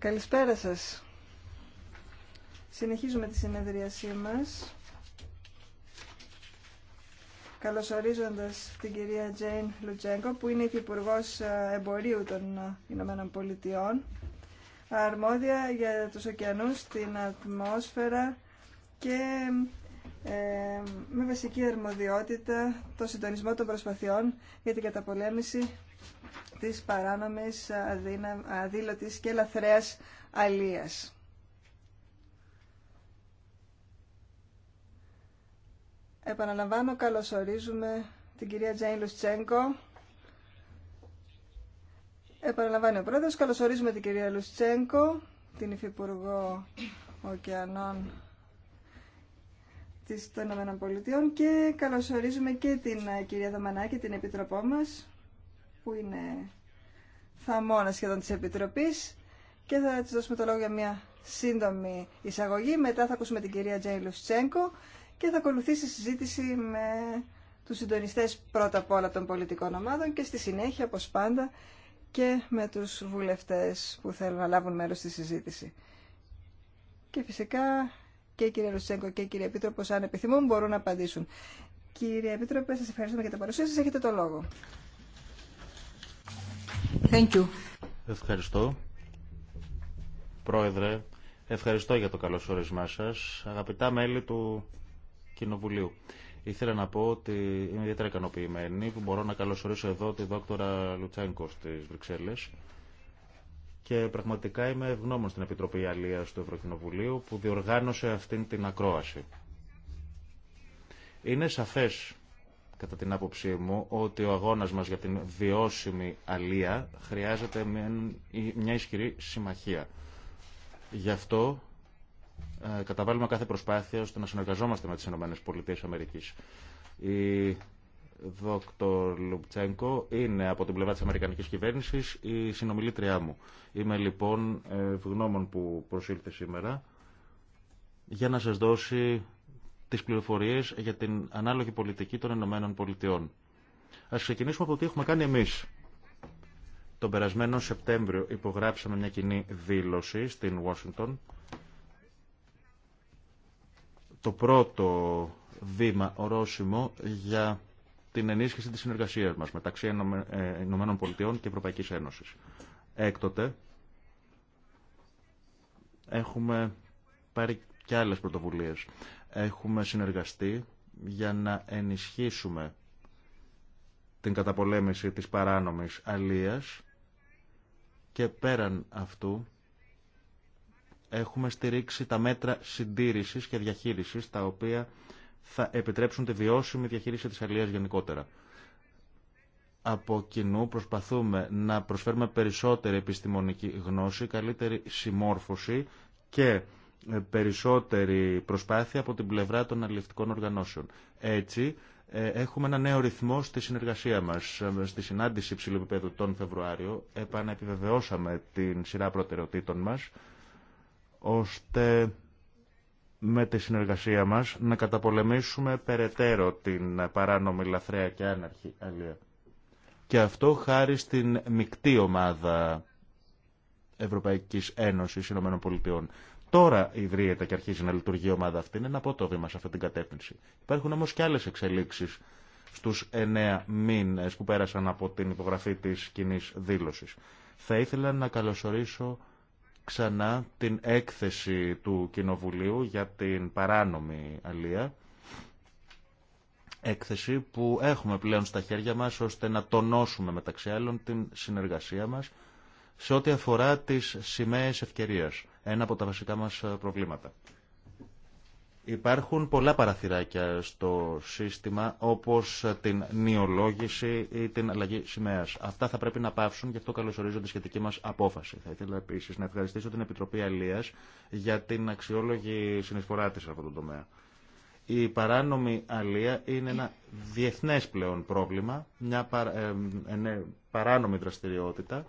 Καλησπέρα σας. Συνεχίζουμε τη συνεδρίασή μας. Καλωσορίζοντας την κυρία Τζέιν Λουτζέγκο, που είναι υπουργό ε, Εμπορίου των ε, Ηνωμένων Πολιτειών, αρμόδια για τους ωκεανούς, την ατμόσφαιρα και ε, με βασική αρμοδιότητα το συντονισμό των προσπαθειών για την καταπολέμηση της παράνομης, αδύλωτης και λαθρέας αλίας. Επαναλαμβάνω, καλωσορίζουμε την κυρία Τζέιν Λουστσέγκο. Επαναλαμβάνει ο πρόεδρος, καλωσορίζουμε την κυρία Λουστσέγκο, την Υφυπουργό Οκεανών της των ΗΠΑ και καλωσορίζουμε και την ε, κυρία Δαμανάκη, την Επιτροπό μας που είναι θαμώνα σχεδόν της Επιτροπής και θα της δώσουμε το λόγο για μια σύντομη εισαγωγή. Μετά θα ακούσουμε την κυρία Τζέι Λουστσέγκο και θα ακολουθήσει συζήτηση με τους συντονιστές πρώτα απ' όλα των πολιτικών ομάδων και στη συνέχεια, όπως πάντα, και με τους βουλευτές που θέλουν να λάβουν μέρος στη συζήτηση. Και φυσικά και η κυρία Λουστσέγκο και η κυρία Επίτροπος, αν επιθυμούν, μπορούν να απαντήσουν. Κύριε Επίτροπε, σας ευχαριστούμε για την παρουσία σας. Έχετε το λόγο. Ευχαριστώ. Πρόεδρε, ευχαριστώ για το καλό σωρισμά σας. Αγαπητά μέλη του Κοινοβουλίου. Ήθελα να πω ότι είμαι ιδιαίτερα ικανοποιημένη που μπορώ να καλωσορίσω εδώ τη δόκτωρα Λουτσάνκο στις Βρυξέλλες και πραγματικά είμαι ευγνώμων στην Επιτροπή Αλίας του Ευρωκοινοβουλίου που διοργάνωσε αυτήν την ακρόαση. Είναι σαφές κατά την άποψή μου, ότι ο αγώνας μας για την βιώσιμη αλία χρειάζεται μια ισχυρή συμμαχία. Γι' αυτό ε, καταβάλουμε κάθε προσπάθεια ώστε να συνεργαζόμαστε με τις ΗΠΑ. Η Δόκτωρ Λουπτσέγκο είναι από την πλευρά της Αμερικανικής Κυβέρνησης η συνομιλήτριά μου. Είμαι λοιπόν ευγνώμων που προσήλθε σήμερα για να σας δώσει τι πληροφορίες για την ανάλογη πολιτική των Ηνωμένων Πολιτειών. Ας ξεκινήσουμε από το τι έχουμε κάνει εμείς. Τον περασμένο Σεπτέμβριο υπογράψαμε μια κοινή δήλωση στην Ουάσιγκτον. Το πρώτο βήμα ορόσημο για την ενίσχυση της συνεργασίας μας μεταξύ ε, Ηνωμένων Πολιτειών και Ευρωπαϊκής Ένωσης. Έκτοτε έχουμε πάρει και άλλες πρωτοβουλίες. Έχουμε συνεργαστεί για να ενισχύσουμε την καταπολέμηση της παράνομης αλίας και πέραν αυτού έχουμε στηρίξει τα μέτρα συντήρησης και διαχείρισης τα οποία θα επιτρέψουν τη βιώσιμη διαχείριση της αλίας γενικότερα. Από κοινού προσπαθούμε να προσφέρουμε περισσότερη επιστημονική γνώση, καλύτερη συμμόρφωση και ε, περισσότερη προσπάθεια από την πλευρά των αλληλευτικών οργανώσεων. Έτσι, ε, έχουμε ένα νέο ρυθμό στη συνεργασία μας. Ε, στη συνάντηση υψηλού επίπεδου τον Φεβρουάριο επανεπιβεβαιώσαμε την σειρά προτεραιοτήτων μας, ώστε με τη συνεργασία μας να καταπολεμήσουμε περαιτέρω την παράνομη λαθρέα και άναρχη αλληλεία. Και αυτό χάρη στην μεικτή ομάδα Ευρωπαϊκής Ένωσης Ηνωμένων Πολιτειών. Τώρα ιδρύεται και αρχίζει να λειτουργεί η ομάδα αυτή. Είναι ένα πρώτο βήμα σε αυτή την κατεύθυνση. Υπάρχουν όμω και άλλε εξελίξει στου εννέα μήνε που πέρασαν από την υπογραφή τη κοινή δήλωση. Θα ήθελα να καλωσορίσω ξανά την έκθεση του Κοινοβουλίου για την παράνομη αλεία. Έκθεση που έχουμε πλέον στα χέρια μας ώστε να τονώσουμε μεταξύ άλλων την συνεργασία μας σε ό,τι αφορά τις σημαίες ευκαιρίας ένα από τα βασικά μας ε, προβλήματα. Υπάρχουν πολλά παραθυράκια στο σύστημα, όπως ε, την νιολόγηση ή την αλλαγή σημαία. Αυτά θα πρέπει να πάυσουν, γι' αυτό καλωσορίζω τη σχετική μας απόφαση. Θα ήθελα επίσης να ευχαριστήσω την Επιτροπή Αλίας για την αξιόλογη συνεισφορά της σε αυτό τον τομέα. Η παράνομη αλία είναι ένα διεθνές πλέον πρόβλημα, μια ε, ναι, παράνομη δραστηριότητα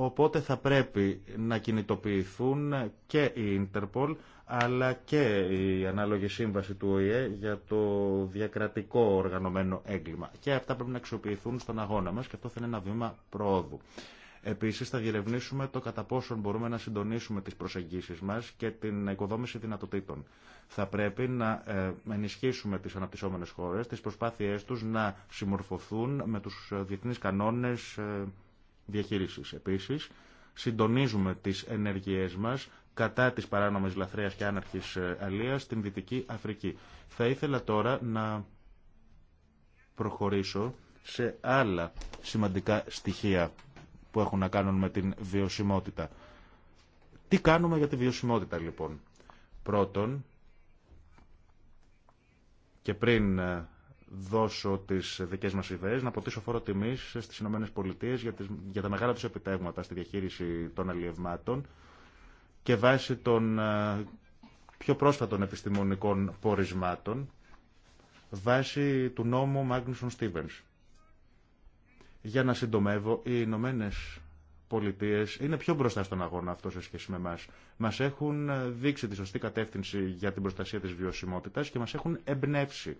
Οπότε θα πρέπει να κινητοποιηθούν και η Interpol αλλά και η ανάλογη σύμβαση του ΟΗΕ για το διακρατικό οργανωμένο έγκλημα. Και αυτά πρέπει να αξιοποιηθούν στον αγώνα μας και αυτό θα είναι ένα βήμα πρόοδου. Επίσης θα διερευνήσουμε το κατά πόσον μπορούμε να συντονίσουμε τις προσεγγίσεις μας και την οικοδόμηση δυνατοτήτων. Θα πρέπει να ε, ενισχύσουμε τις αναπτυσσόμενες χώρες, τις προσπάθειές τους να συμμορφωθούν με τους ε, διεθνείς κανόνες ε, διαχείρισης. Επίσης, συντονίζουμε τις ενεργειές μας κατά της παράνομης λαθρέας και άναρχης ε, αλίας στην Δυτική Αφρική. Θα ήθελα τώρα να προχωρήσω σε άλλα σημαντικά στοιχεία που έχουν να κάνουν με την βιωσιμότητα. Τι κάνουμε για τη βιωσιμότητα λοιπόν. Πρώτον, και πριν ε, δώσω τι δικέ μα ιδέε να ποτίσω φόρο τιμής στις Ηνωμένες για, για τα μεγάλα του επιτεύγματα στη διαχείριση των αλλιευμάτων και βάσει των ε, πιο πρόσφατων επιστημονικών πορισμάτων βάσει του νόμου Μάγνουσον Στίβενς. Για να συντομεύω, οι Ηνωμένε Πολιτείε είναι πιο μπροστά στον αγώνα αυτό σε σχέση με εμά. Μα έχουν ε, δείξει τη σωστή κατεύθυνση για την προστασία τη βιωσιμότητα και μα έχουν εμπνεύσει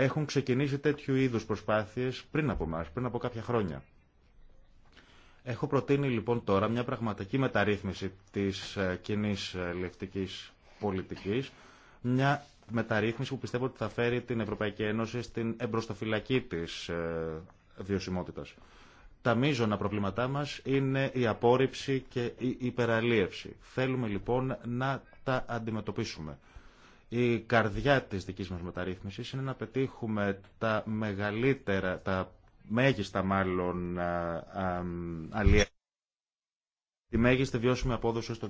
έχουν ξεκινήσει τέτοιου είδους προσπάθειες πριν από μας, πριν από κάποια χρόνια. Έχω προτείνει λοιπόν τώρα μια πραγματική μεταρρύθμιση της ε, κοινή ε, λευτικής πολιτικής, μια μεταρρύθμιση που πιστεύω ότι θα φέρει την Ευρωπαϊκή Ένωση στην εμπροστοφυλακή της ε, βιωσιμότητας. Τα μείζωνα προβλήματά μας είναι η απόρριψη και η υπεραλίευση. Θέλουμε λοιπόν να τα αντιμετωπίσουμε. Η καρδιά της δικής μας μεταρρύθμισης είναι να πετύχουμε τα μεγαλύτερα, τα μέγιστα μάλλον αλλιέ. Τη μέγιστη βιώσιμη απόδοση στο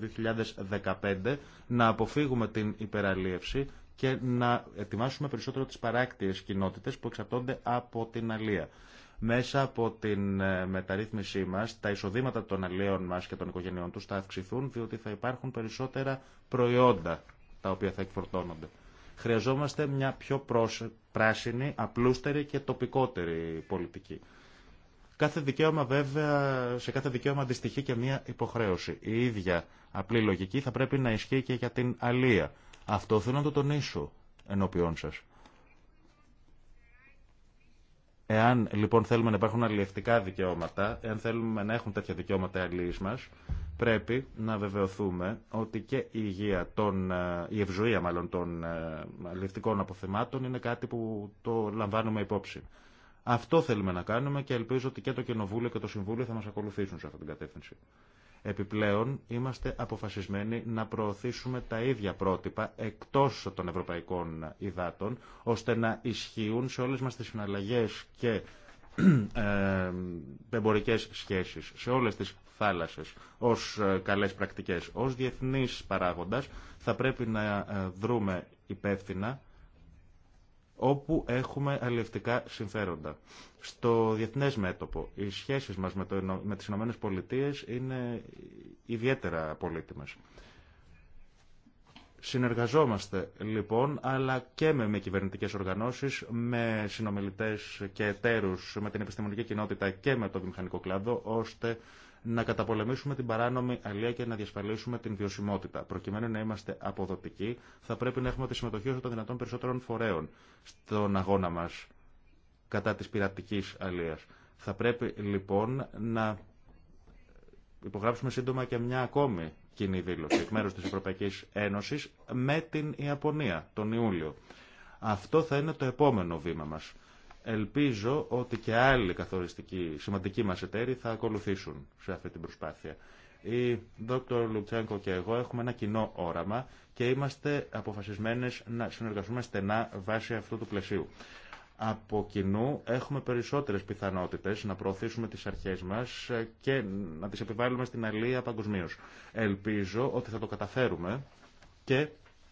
2015, να αποφύγουμε την υπεραλίευση και να ετοιμάσουμε περισσότερο τις παράκτιες κοινότητες που εξαρτώνται από την αλία. Μέσα από την ε, μεταρρύθμισή μας, τα εισοδήματα των αλλαιών μας και των οικογενειών τους θα αυξηθούν, διότι θα υπάρχουν περισσότερα προϊόντα τα οποία θα εκφορτώνονται. Χρειαζόμαστε μια πιο πράσινη, απλούστερη και τοπικότερη πολιτική. Κάθε δικαίωμα βέβαια, σε κάθε δικαίωμα αντιστοιχεί και μια υποχρέωση. Η ίδια απλή λογική θα πρέπει να ισχύει και για την αλία. Αυτό θέλω να το τονίσω ενώπιόν σας. Εάν λοιπόν θέλουμε να υπάρχουν αλληλευτικά δικαιώματα, εάν θέλουμε να έχουν τέτοια δικαιώματα οι μα, μας, πρέπει να βεβαιωθούμε ότι και η υγεία των, ε, η ευζοία μάλλον των ε, αλληλευτικών αποθεμάτων είναι κάτι που το λαμβάνουμε υπόψη. Αυτό θέλουμε να κάνουμε και ελπίζω ότι και το Κοινοβούλιο και το Συμβούλιο θα μας ακολουθήσουν σε αυτή την κατεύθυνση. Επιπλέον, είμαστε αποφασισμένοι να προωθήσουμε τα ίδια πρότυπα εκτός των ευρωπαϊκών υδάτων, ώστε να ισχύουν σε όλες μας τις συναλλαγές και εμπορικέ εμπορικές σχέσεις, σε όλες τις θάλασσες, ως ε, καλές πρακτικές, ως διεθνής παράγοντας, θα πρέπει να ε, δρούμε υπεύθυνα όπου έχουμε αλληλευτικά συμφέροντα. Στο διεθνές μέτωπο, οι σχέσεις μας με, το, με τις Ηνωμένες Πολιτείες είναι ιδιαίτερα πολύτιμες. Συνεργαζόμαστε λοιπόν, αλλά και με, με κυβερνητικές οργανώσεις, με συνομιλητές και εταίρους, με την επιστημονική κοινότητα και με το βιομηχανικό κλάδο, ώστε να καταπολεμήσουμε την παράνομη αλία και να διασφαλίσουμε την βιωσιμότητα. Προκειμένου να είμαστε αποδοτικοί, θα πρέπει να έχουμε τη συμμετοχή όσο των δυνατόν περισσότερων φορέων στον αγώνα μα κατά τη πειρατική αλία. Θα πρέπει λοιπόν να υπογράψουμε σύντομα και μια ακόμη κοινή δήλωση εκ μέρου τη Ευρωπαϊκή Ένωση με την Ιαπωνία τον Ιούλιο. Αυτό θα είναι το επόμενο βήμα μας. Ελπίζω ότι και άλλοι καθοριστικοί, σημαντικοί μας εταίροι θα ακολουθήσουν σε αυτή την προσπάθεια. Η Δόκτωρ Λουτσένκο και εγώ έχουμε ένα κοινό όραμα και είμαστε αποφασισμένες να συνεργαστούμε στενά βάσει αυτού του πλαισίου. Από κοινού έχουμε περισσότερες πιθανότητες να προωθήσουμε τις αρχές μας και να τις επιβάλλουμε στην αλλήλεια παγκοσμίω. Ελπίζω ότι θα το καταφέρουμε και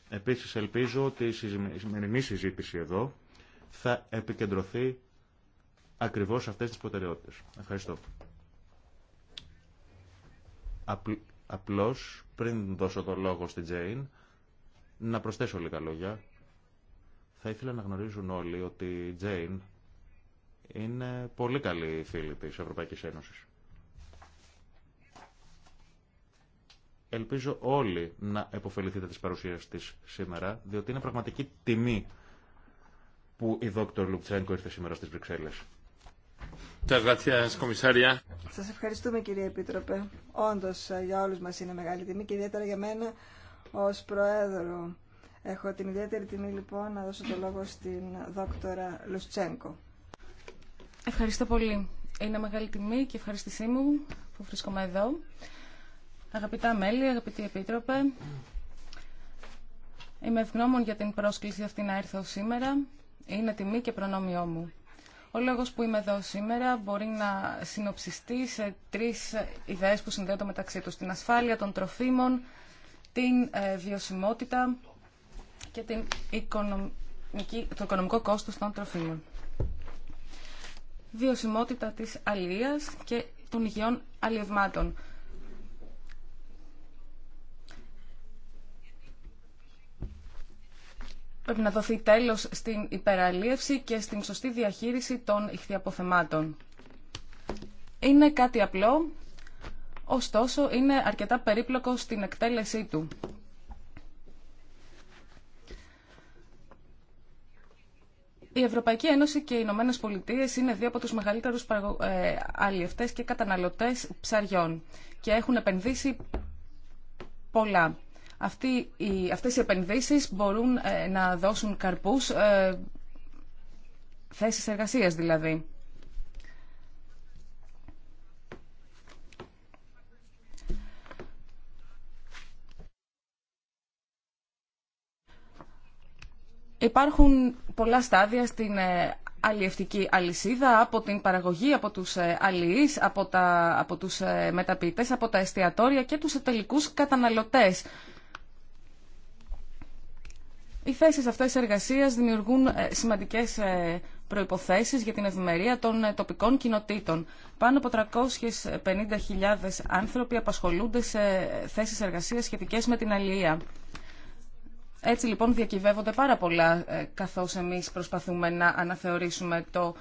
επίσης ελπίζω ότι η σημερινή συζήτηση εδώ θα επικεντρωθεί ακριβώς σε αυτές τις προτεραιότητες. Ευχαριστώ. Απλ, απλώς, πριν δώσω το λόγο στη Τζέιν, να προσθέσω λίγα λόγια. Θα ήθελα να γνωρίζουν όλοι ότι η Τζέιν είναι πολύ καλή φίλη της Ευρωπαϊκής Ένωσης. Ελπίζω όλοι να επωφεληθείτε της παρουσίας της σήμερα, διότι είναι πραγματική τιμή που η δόκτωρ Λουτσέγκο ήρθε σήμερα στις Βρυξέλλες. Σα ευχαριστούμε κύριε Επίτροπε. όντω ε, για όλου μα είναι μεγάλη τιμή και ιδιαίτερα για μένα ω Προέδρο. Έχω την ιδιαίτερη τιμή λοιπόν να δώσω το λόγο στην δόκτωρα Λουτσέγκο. Ευχαριστώ πολύ. Είναι μεγάλη τιμή και ευχαριστησή μου που βρίσκομαι εδώ. Αγαπητά μέλη, αγαπητή Επίτροπε, είμαι ευγνώμων για την πρόσκληση αυτή να έρθω σήμερα είναι τιμή και προνόμιό μου. Ο λόγος που είμαι εδώ σήμερα μπορεί να συνοψιστεί σε τρεις ιδέες που συνδέονται μεταξύ τους. Την ασφάλεια των τροφίμων, την ε, βιωσιμότητα και την οικονομική, το οικονομικό κόστος των τροφίμων. Βιωσιμότητα της αλίας και των υγιών αλλιευμάτων. Πρέπει να δοθεί τέλος στην υπεραλίευση και στην σωστή διαχείριση των ηχθιαποθεμάτων. Είναι κάτι απλό, ωστόσο είναι αρκετά περίπλοκο στην εκτέλεσή του. Η Ευρωπαϊκή Ένωση και οι Ηνωμένε Πολιτείε είναι δύο από του μεγαλύτερου ε, αλλιευτέ και καταναλωτέ ψαριών και έχουν επενδύσει πολλά. Αυτοί, οι, αυτές οι επενδύσεις μπορούν ε, να δώσουν καρπούς, ε, θέσεις εργασίας δηλαδή. Υπάρχουν πολλά στάδια στην ε, αλλιευτική αλυσίδα, από την παραγωγή, από τους ε, αλληλείς, από, από τους μεταποιητές, από τα εστιατόρια και τους τελικούς καταναλωτές οι θέσεις αυτέ εργασία δημιουργούν ε, σημαντικές ε, προϋποθέσεις για την ευημερία των ε, τοπικών κοινοτήτων. Πάνω από 350.000 άνθρωποι απασχολούνται σε θέσεις εργασίας σχετικέ με την αλληλεία. Έτσι λοιπόν διακυβεύονται πάρα πολλά καθώς εμείς προσπαθούμε να αναθεωρήσουμε το,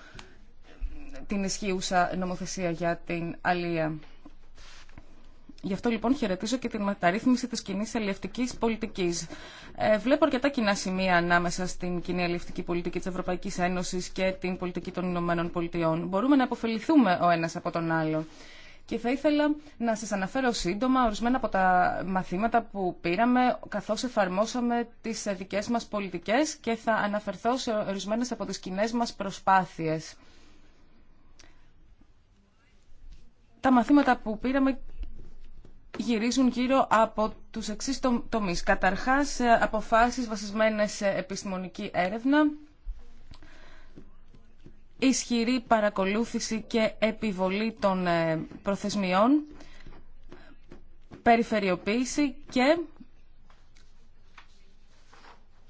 την ισχύουσα νομοθεσία για την αλληλεία. Γι' αυτό λοιπόν χαιρετίζω και την μεταρρύθμιση τη κοινή αλληλευτικής πολιτική. Ε, βλέπω αρκετά κοινά σημεία ανάμεσα στην κοινή αλληλευτική πολιτική τη Ευρωπαϊκή Ένωση και την πολιτική των Ηνωμένων Πολιτειών. Μπορούμε να αποφεληθούμε ο ένα από τον άλλο. Και θα ήθελα να σας αναφέρω σύντομα ορισμένα από τα μαθήματα που πήραμε καθώς εφαρμόσαμε τις δικές μας πολιτικές και θα αναφερθώ σε ορισμένες από τις κοινέ μας προσπάθειες. Τα μαθήματα που πήραμε γυρίζουν γύρω από τους εξή τομεί. Καταρχάς, ε, αποφάσεις βασισμένες σε επιστημονική έρευνα, ισχυρή παρακολούθηση και επιβολή των ε, προθεσμιών, περιφερειοποίηση και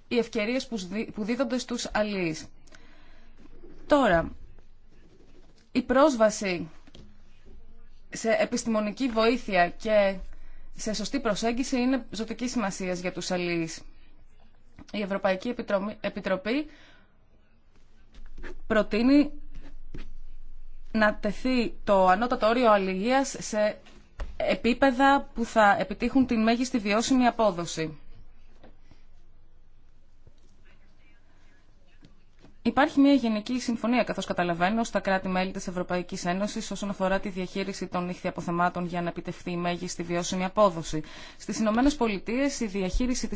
οι ευκαιρίες που δίδονται στους αλληλείς. Τώρα, η πρόσβαση σε επιστημονική βοήθεια και σε σωστή προσέγγιση είναι ζωτική σημασία για του αλληλεί. Η Ευρωπαϊκή Επιτροπή προτείνει να τεθεί το ανώτατο όριο αλληλεία σε επίπεδα που θα επιτύχουν τη μέγιστη βιώσιμη απόδοση. Υπάρχει μια γενική συμφωνία, καθώ καταλαβαίνω, στα κράτη-μέλη τη Ευρωπαϊκή Ένωση όσον αφορά τη διαχείριση των νύχθη αποθεμάτων για να επιτευχθεί η μέγιστη βιώσιμη απόδοση. Στι Ηνωμένε Πολιτείε η διαχείριση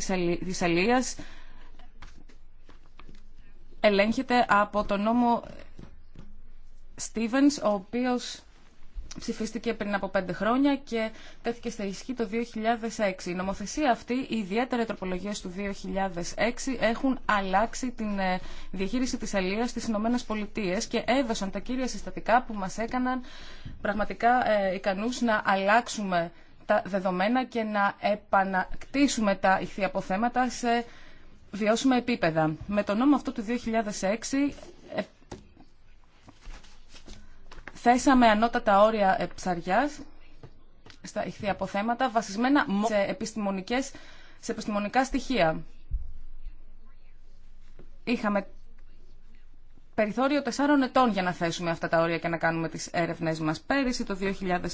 τη αλεία ελέγχεται από τον νόμο Stevens, ο οποίος ψηφίστηκε πριν από πέντε χρόνια και τέθηκε στα ισχύ το 2006. Η νομοθεσία αυτή, οι ιδιαίτερε τροπολογίε του 2006 έχουν αλλάξει την ε, διαχείριση της αλληλεία στις ΗΠΑ και έδωσαν τα κύρια συστατικά που μας έκαναν πραγματικά ε, ικανούς να αλλάξουμε τα δεδομένα και να επανακτήσουμε τα αποθέματα... σε βιώσιμα επίπεδα. Με το νόμο αυτό του 2006 θέσαμε ανώτατα όρια ε, ψαριάς στα ηχθή αποθέματα βασισμένα σε, επιστημονικές, σε επιστημονικά στοιχεία. Είχαμε περιθώριο 4 ετών για να θέσουμε αυτά τα όρια και να κάνουμε τις έρευνές μας. Πέρυσι το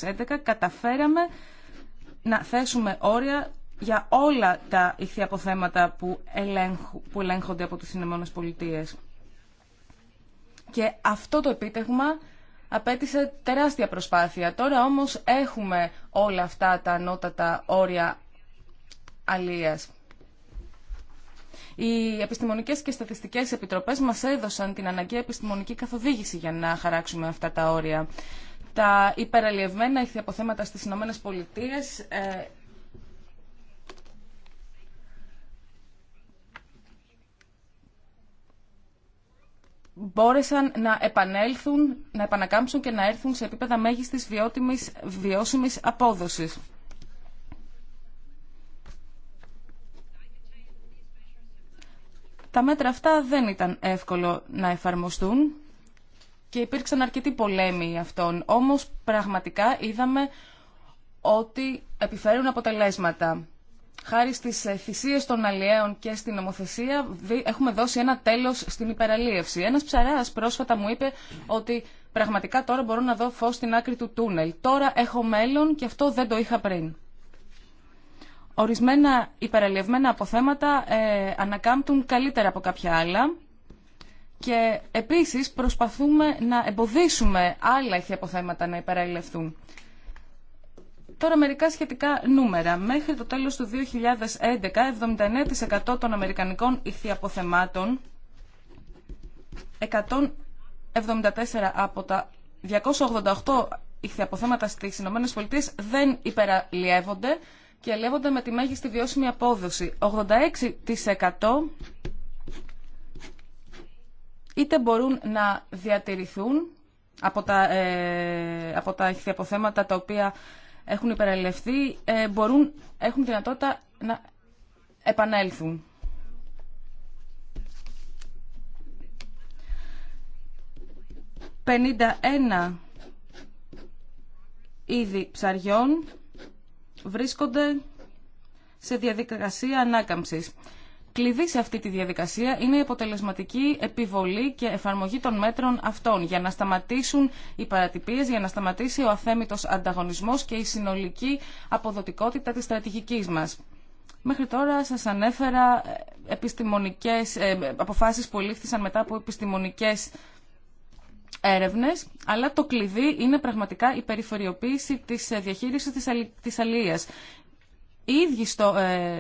2011 καταφέραμε να θέσουμε όρια για όλα τα ηχθιαποθέματα που, ελέγχου, που ελέγχονται από τις Ηνωμένες Πολιτείες. Και αυτό το επίτευγμα απέτησε τεράστια προσπάθεια. Τώρα όμως έχουμε όλα αυτά τα ανώτατα όρια αλίας. Οι επιστημονικές και στατιστικές επιτροπές μας έδωσαν την αναγκαία επιστημονική καθοδήγηση για να χαράξουμε αυτά τα όρια. Τα υπεραλλιευμένα αποθέματα στις ΗΠΑ... μπόρεσαν να επανέλθουν, να επανακάμψουν και να έρθουν σε επίπεδα μέγιστης βιώσιμης, βιώσιμης απόδοσης. Τα μέτρα αυτά δεν ήταν εύκολο να εφαρμοστούν και υπήρξαν αρκετοί πολέμοι αυτών. Όμως πραγματικά είδαμε ότι επιφέρουν αποτελέσματα χάρη στι ε, θυσίε των αλλιέων και στην νομοθεσία έχουμε δώσει ένα τέλος στην υπεραλίευση. Ένα ψαράς πρόσφατα μου είπε ότι πραγματικά τώρα μπορώ να δω φως στην άκρη του τούνελ. Τώρα έχω μέλλον και αυτό δεν το είχα πριν. Ορισμένα υπεραλλευμένα αποθέματα ε, ανακάμπτουν καλύτερα από κάποια άλλα και επίσης προσπαθούμε να εμποδίσουμε άλλα αποθέματα να υπεραλληλευθούν. Τώρα μερικά σχετικά νούμερα. Μέχρι το τέλος του 2011, 79% των Αμερικανικών ηχθιαποθεμάτων, 174 από τα 288 ηχθιαποθέματα στις ΗΠΑ δεν υπεραλλιεύονται και αλλιεύονται με τη μέγιστη βιώσιμη απόδοση. 86% είτε μπορούν να διατηρηθούν από τα, ε, από τα ηχθιαποθέματα τα οποία έχουν υπεραλληλευθεί ε, μπορούν, έχουν δυνατότητα να επανέλθουν. «51 είδη ψαριών βρίσκονται σε διαδικασία ανάκαμψης. Κλειδί σε αυτή τη διαδικασία είναι η αποτελεσματική επιβολή και εφαρμογή των μέτρων αυτών για να σταματήσουν οι παρατυπίες, για να σταματήσει ο αθέμητο ανταγωνισμός και η συνολική αποδοτικότητα τη στρατηγικής μας. Μέχρι τώρα σας ανέφερα ε, επιστημονικές, ε, αποφάσεις που λήφθησαν μετά από επιστημονικές έρευνες, αλλά το κλειδί είναι πραγματικά η περιφερειοποίηση της ε, διαχείρισης της, αλ, οι ίδιοι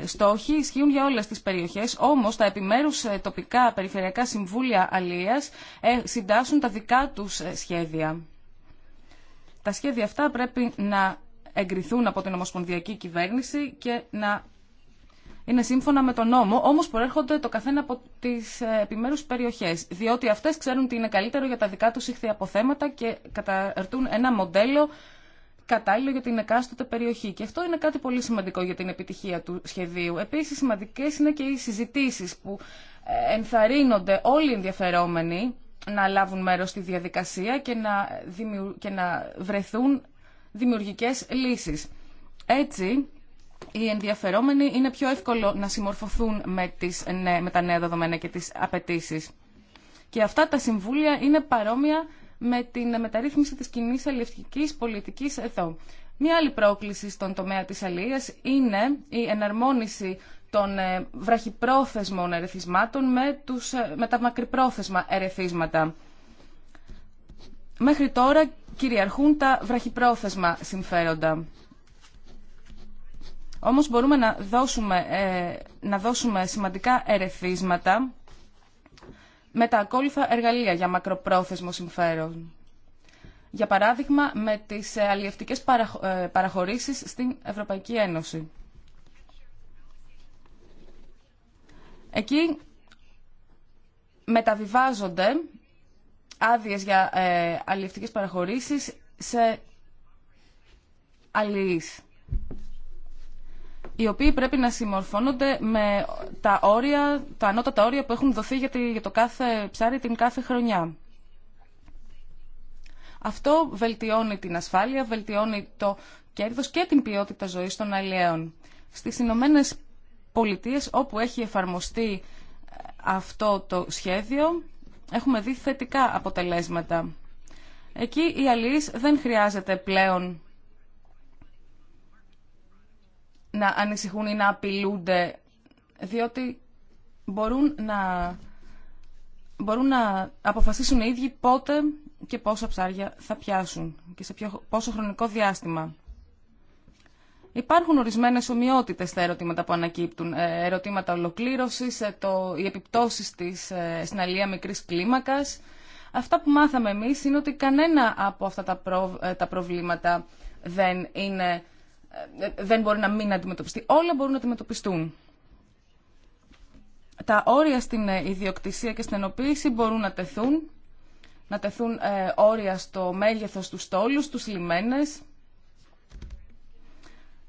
ε, στόχοι ισχύουν για όλες τις περιοχές, όμως τα επιμέρους ε, τοπικά περιφερειακά συμβούλια αλίας ε, συντάσσουν τα δικά τους σχέδια. Τα σχέδια αυτά πρέπει να εγκριθούν από την Ομοσπονδιακή Κυβέρνηση και να είναι σύμφωνα με τον νόμο, όμω προέρχονται το καθένα από τι επιμέρου περιοχέ. Διότι αυτέ ξέρουν τι είναι καλύτερο για τα δικά του αποθέματα και καταρτούν ένα μοντέλο κατάλληλο για την εκάστοτε περιοχή. Και αυτό είναι κάτι πολύ σημαντικό για την επιτυχία του σχεδίου. Επίσης σημαντικές είναι και οι συζητήσεις που ε, ενθαρρύνονται όλοι οι ενδιαφερόμενοι να λάβουν μέρος στη διαδικασία και να, δημιου... και να βρεθούν δημιουργικές λύσεις. Έτσι, οι ενδιαφερόμενοι είναι πιο εύκολο να συμμορφωθούν με, τις, τα νέα δεδομένα και τις απαιτήσει. Και αυτά τα συμβούλια είναι παρόμοια με την μεταρρύθμιση της κοινή αλληλευτικής πολιτικής εδώ. Μία άλλη πρόκληση στον τομέα της αλληλείας είναι η εναρμόνιση των ε, βραχυπρόθεσμων ερεθισμάτων με, τους, ε, με τα μακρυπρόθεσμα ερεθίσματα. Μέχρι τώρα κυριαρχούν τα βραχυπρόθεσμα συμφέροντα. Όμως μπορούμε να δώσουμε, ε, να δώσουμε σημαντικά ερεθίσματα με τα ακόλουθα εργαλεία για μακροπρόθεσμο συμφέρον. Για παράδειγμα, με τις ε, αλλιευτικές ε, παραχωρήσεις στην Ευρωπαϊκή Ένωση. Εκεί μεταβιβάζονται άδειες για ε, αλλιευτικές παραχωρήσεις σε αλληλείς οι οποίοι πρέπει να συμμορφώνονται με τα όρια, τα ανώτατα όρια που έχουν δοθεί για το κάθε ψάρι την κάθε χρονιά. Αυτό βελτιώνει την ασφάλεια, βελτιώνει το κέρδος και την ποιότητα ζωής των αλλιέων. Στις Ηνωμένε Πολιτείε, όπου έχει εφαρμοστεί ε, αυτό το σχέδιο έχουμε δει θετικά αποτελέσματα. Εκεί οι αλληλείς δεν χρειάζεται πλέον να ανησυχούν ή να απειλούνται, διότι μπορούν να, μπορούν να αποφασίσουν οι ίδιοι πότε και πόσα ψάρια θα πιάσουν και σε ποιο, πόσο χρονικό διάστημα. Υπάρχουν ορισμένε ομοιότητε στα ερωτήματα που ανακύπτουν. Ε, ερωτήματα ολοκλήρωση, ε, οι επιπτώσει ε, στην μικρή κλίμακα. Αυτά που μάθαμε εμεί είναι ότι κανένα από αυτά τα ε, προβλήματα δεν είναι δεν μπορεί να μην αντιμετωπιστεί. Όλα μπορούν να αντιμετωπιστούν. Τα όρια στην ε, ιδιοκτησία και στην ενοποίηση μπορούν να τεθούν. Να τεθούν ε, όρια στο μέγεθος του στόλου, στους λιμένες,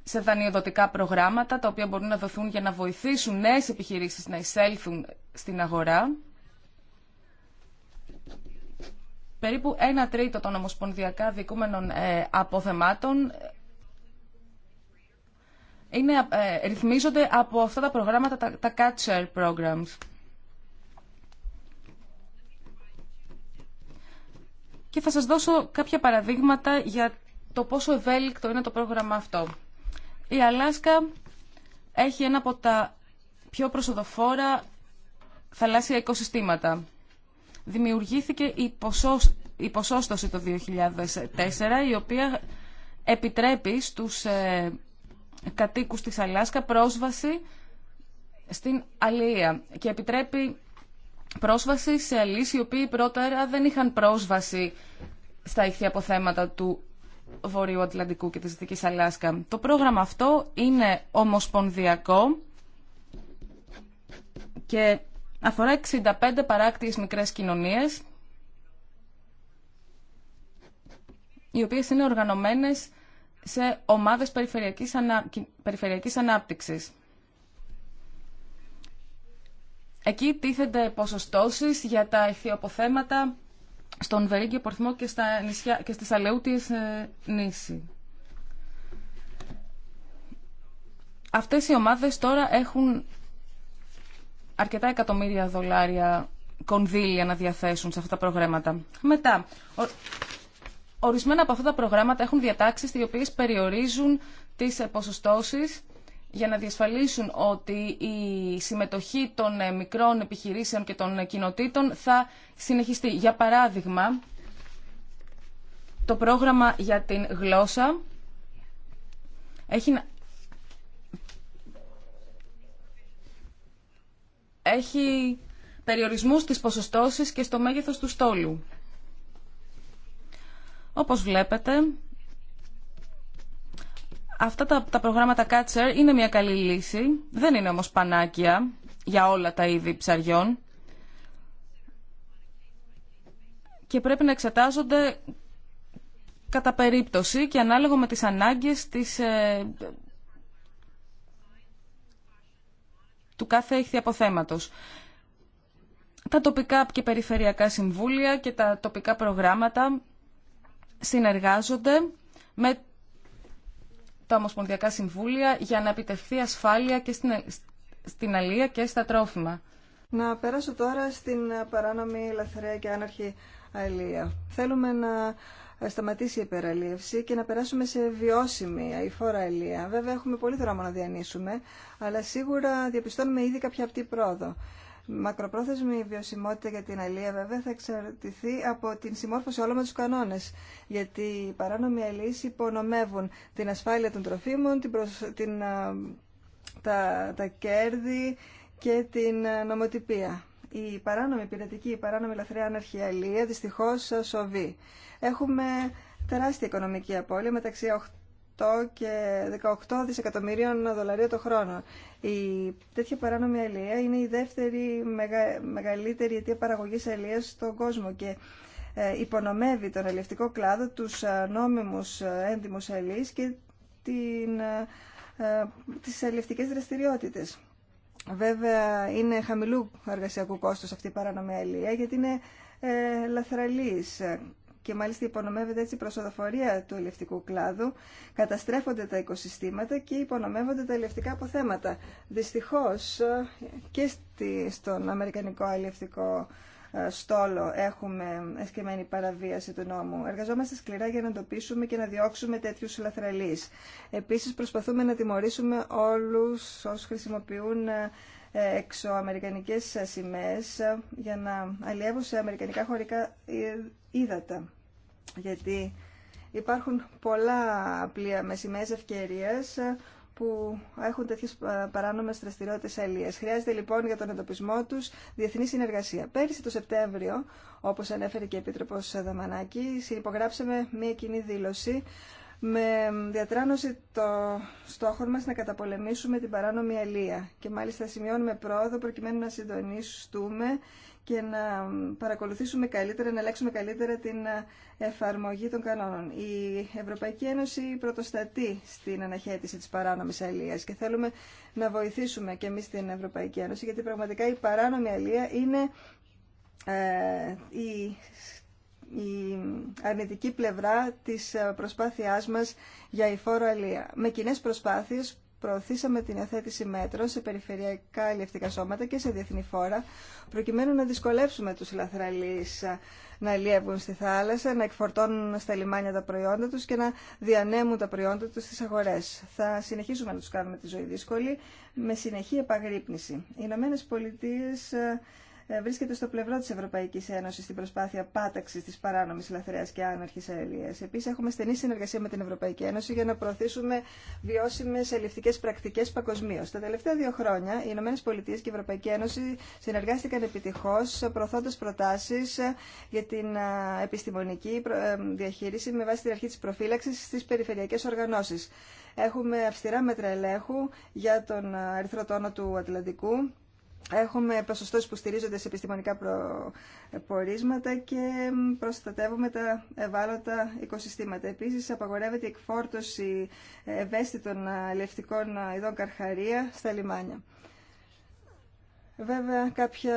σε δανειοδοτικά προγράμματα, τα οποία μπορούν να δοθούν για να βοηθήσουν νέες επιχειρήσεις να εισέλθουν στην αγορά. Περίπου ένα τρίτο των ομοσπονδιακά δικούμενων ε, αποθεμάτων είναι, ε, ρυθμίζονται από αυτά τα προγράμματα, τα, τα catcher programs. Και θα σας δώσω κάποια παραδείγματα για το πόσο ευέλικτο είναι το πρόγραμμα αυτό. Η Αλάσκα έχει ένα από τα πιο προσωδοφόρα θαλάσσια οικοσυστήματα. Δημιουργήθηκε η, ποσόσ... η ποσόστοση το 2004, η οποία επιτρέπει στους ε, κατοίκους της Αλάσκα πρόσβαση στην αλία και επιτρέπει πρόσβαση σε αλείς οι οποίοι δεν είχαν πρόσβαση στα αποθέματα του Βορείου Ατλαντικού και της Δυτικής Αλάσκα. Το πρόγραμμα αυτό είναι ομοσπονδιακό και αφορά 65 παράκτιες μικρές κοινωνίες οι οποίες είναι οργανωμένες σε ομάδες περιφερειακής, ανα... περιφερειακής ανάπτυξης. Εκεί τίθενται ποσοστώσεις για τα ηχθειοποθέματα στον Βερίγκιο Πορθμό και, στα νησιά, και στις Αλεούτιες ε, νήσι. Αυτές οι ομάδες τώρα έχουν αρκετά εκατομμύρια δολάρια κονδύλια να διαθέσουν σε αυτά τα προγράμματα. Μετά, Ορισμένα από αυτά τα προγράμματα έχουν διατάξεις οι οποίες περιορίζουν τις ε, ποσοστώσεις για να διασφαλίσουν ότι η συμμετοχή των ε, μικρών επιχειρήσεων και των ε, κοινοτήτων θα συνεχιστεί. Για παράδειγμα, το πρόγραμμα για την γλώσσα έχει, έχει περιορισμούς στις ποσοστώσεις και στο μέγεθος του στόλου. Όπως βλέπετε, αυτά τα, τα προγράμματα Catcher είναι μια καλή λύση, δεν είναι όμως πανάκια για όλα τα είδη ψαριών και πρέπει να εξετάζονται κατά περίπτωση και ανάλογα με τις ανάγκες της, ε, του κάθε ήχθη αποθέματος. Τα τοπικά και περιφερειακά συμβούλια και τα τοπικά προγράμματα συνεργάζονται με τα Ομοσπονδιακά Συμβούλια για να επιτευχθεί ασφάλεια και στην, ε- στην αλία και στα τρόφιμα. Να περάσω τώρα στην παράνομη λαθρέα και άναρχη αλία. Θέλουμε να σταματήσει η υπεραλίευση και να περάσουμε σε βιώσιμη αηφόρα αλία. Βέβαια έχουμε πολύ δρόμο να διανύσουμε, αλλά σίγουρα διαπιστώνουμε ήδη κάποια απτή πρόοδο μακροπρόθεσμη βιωσιμότητα για την αλία βέβαια θα εξαρτηθεί από την συμμόρφωση όλων με τους κανόνες. Γιατί οι παράνομοι αλίες υπονομεύουν την ασφάλεια των τροφίμων, την, Τα... κέρδη και την νομοτυπία. Η παράνομη πειρατική, η παράνομη λαθρέα άναρχη αλία δυστυχώς σοβεί. Έχουμε τεράστια οικονομική απώλεια μεταξύ και 18 δισεκατομμυρίων δολαρίων το χρόνο. Η τέτοια παράνομη αλληλεία είναι η δεύτερη μεγαλύτερη αιτία παραγωγής αλληλείας στον κόσμο και ε, υπονομεύει τον αλληλευτικό κλάδο, τους ε, νόμιμους ε, έντιμους αλληλείς και την, τις αλληλευτικές δραστηριότητες. Βέβαια είναι χαμηλού εργασιακού κόστος αυτή η παράνομη αλληλεία γιατί είναι ε, λαθραλής και μάλιστα υπονομεύεται έτσι η προσοδοφορία του ελευτικού κλάδου, καταστρέφονται τα οικοσυστήματα και υπονομεύονται τα ελευτικά αποθέματα. Δυστυχώ, και στον Αμερικανικό ελευτικό ε, στόλο έχουμε εσκεμμένη παραβίαση του νόμου. Εργαζόμαστε σκληρά για να εντοπίσουμε και να διώξουμε τέτοιους λαθραλείς. Επίσης προσπαθούμε να τιμωρήσουμε όλους όσους χρησιμοποιούν ε, εξωαμερικανικές σημαίες ε, για να αλλιεύουν σε αμερικανικά χωρικά ύδατα γιατί υπάρχουν πολλά πλοία με σημαίες ε, που έχουν τέτοιες ε, παράνομες δραστηριότητες αλίας. Χρειάζεται λοιπόν για τον εντοπισμό τους διεθνή συνεργασία. Πέρυσι το Σεπτέμβριο, όπως ανέφερε και η Επίτροπος Δαμανάκη, συνυπογράψαμε μία κοινή δήλωση με διατράνωση το στόχο μας να καταπολεμήσουμε την παράνομη αλία. Και μάλιστα σημειώνουμε πρόοδο προκειμένου να συντονιστούμε και να παρακολουθήσουμε καλύτερα, να ελέγξουμε καλύτερα την ε, εφαρμογή των κανόνων. Η Ευρωπαϊκή Ένωση πρωτοστατεί στην αναχέτηση της παράνομης αλίας και θέλουμε να βοηθήσουμε και εμείς την Ευρωπαϊκή Ένωση γιατί πραγματικά η παράνομη αλία είναι ε, η η αρνητική πλευρά της ε, προσπάθειάς μας για η φόρο αλία. Με κοινέ προσπάθειες προωθήσαμε την αθέτηση μέτρων σε περιφερειακά ελευτικά σώματα και σε διεθνή φόρα, προκειμένου να δυσκολεύσουμε τους λαθραλείς να λιεύουν στη θάλασσα, να εκφορτώνουν στα λιμάνια τα προϊόντα τους και να διανέμουν τα προϊόντα τους στις αγορές. Θα συνεχίσουμε να τους κάνουμε τη ζωή δύσκολη με συνεχή επαγρύπνηση. Οι Ηνωμένε Πολιτείε ε, ε, βρίσκεται στο πλευρό της Ευρωπαϊκής Ένωσης στην προσπάθεια πάταξης της παράνομης λαθρείας και άναρχης αελίας. Επίσης, έχουμε στενή συνεργασία με την Ευρωπαϊκή Ένωση για να προωθήσουμε βιώσιμες ελληνικές πρακτικές παγκοσμίω. Τα τελευταία δύο χρόνια, οι ΗΠΑ και η Ευρωπαϊκή Ένωση συνεργάστηκαν επιτυχώς, προωθώντας προτάσεις για την επιστημονική ε, διαχείριση με βάση την αρχή της προφύλαξης στις περιφερειακές οργανώσεις. Έχουμε αυστηρά μέτρα ελέγχου για τον αριθρό τόνο του Ατλαντικού, Έχουμε ποσοστό που στηρίζονται σε επιστημονικά πορίσματα και προστατεύουμε τα ευάλωτα οικοσυστήματα. Επίσης, απαγορεύεται η εκφόρτωση ευαίσθητων λευτικών ειδών καρχαρία στα λιμάνια. Βέβαια, κάποια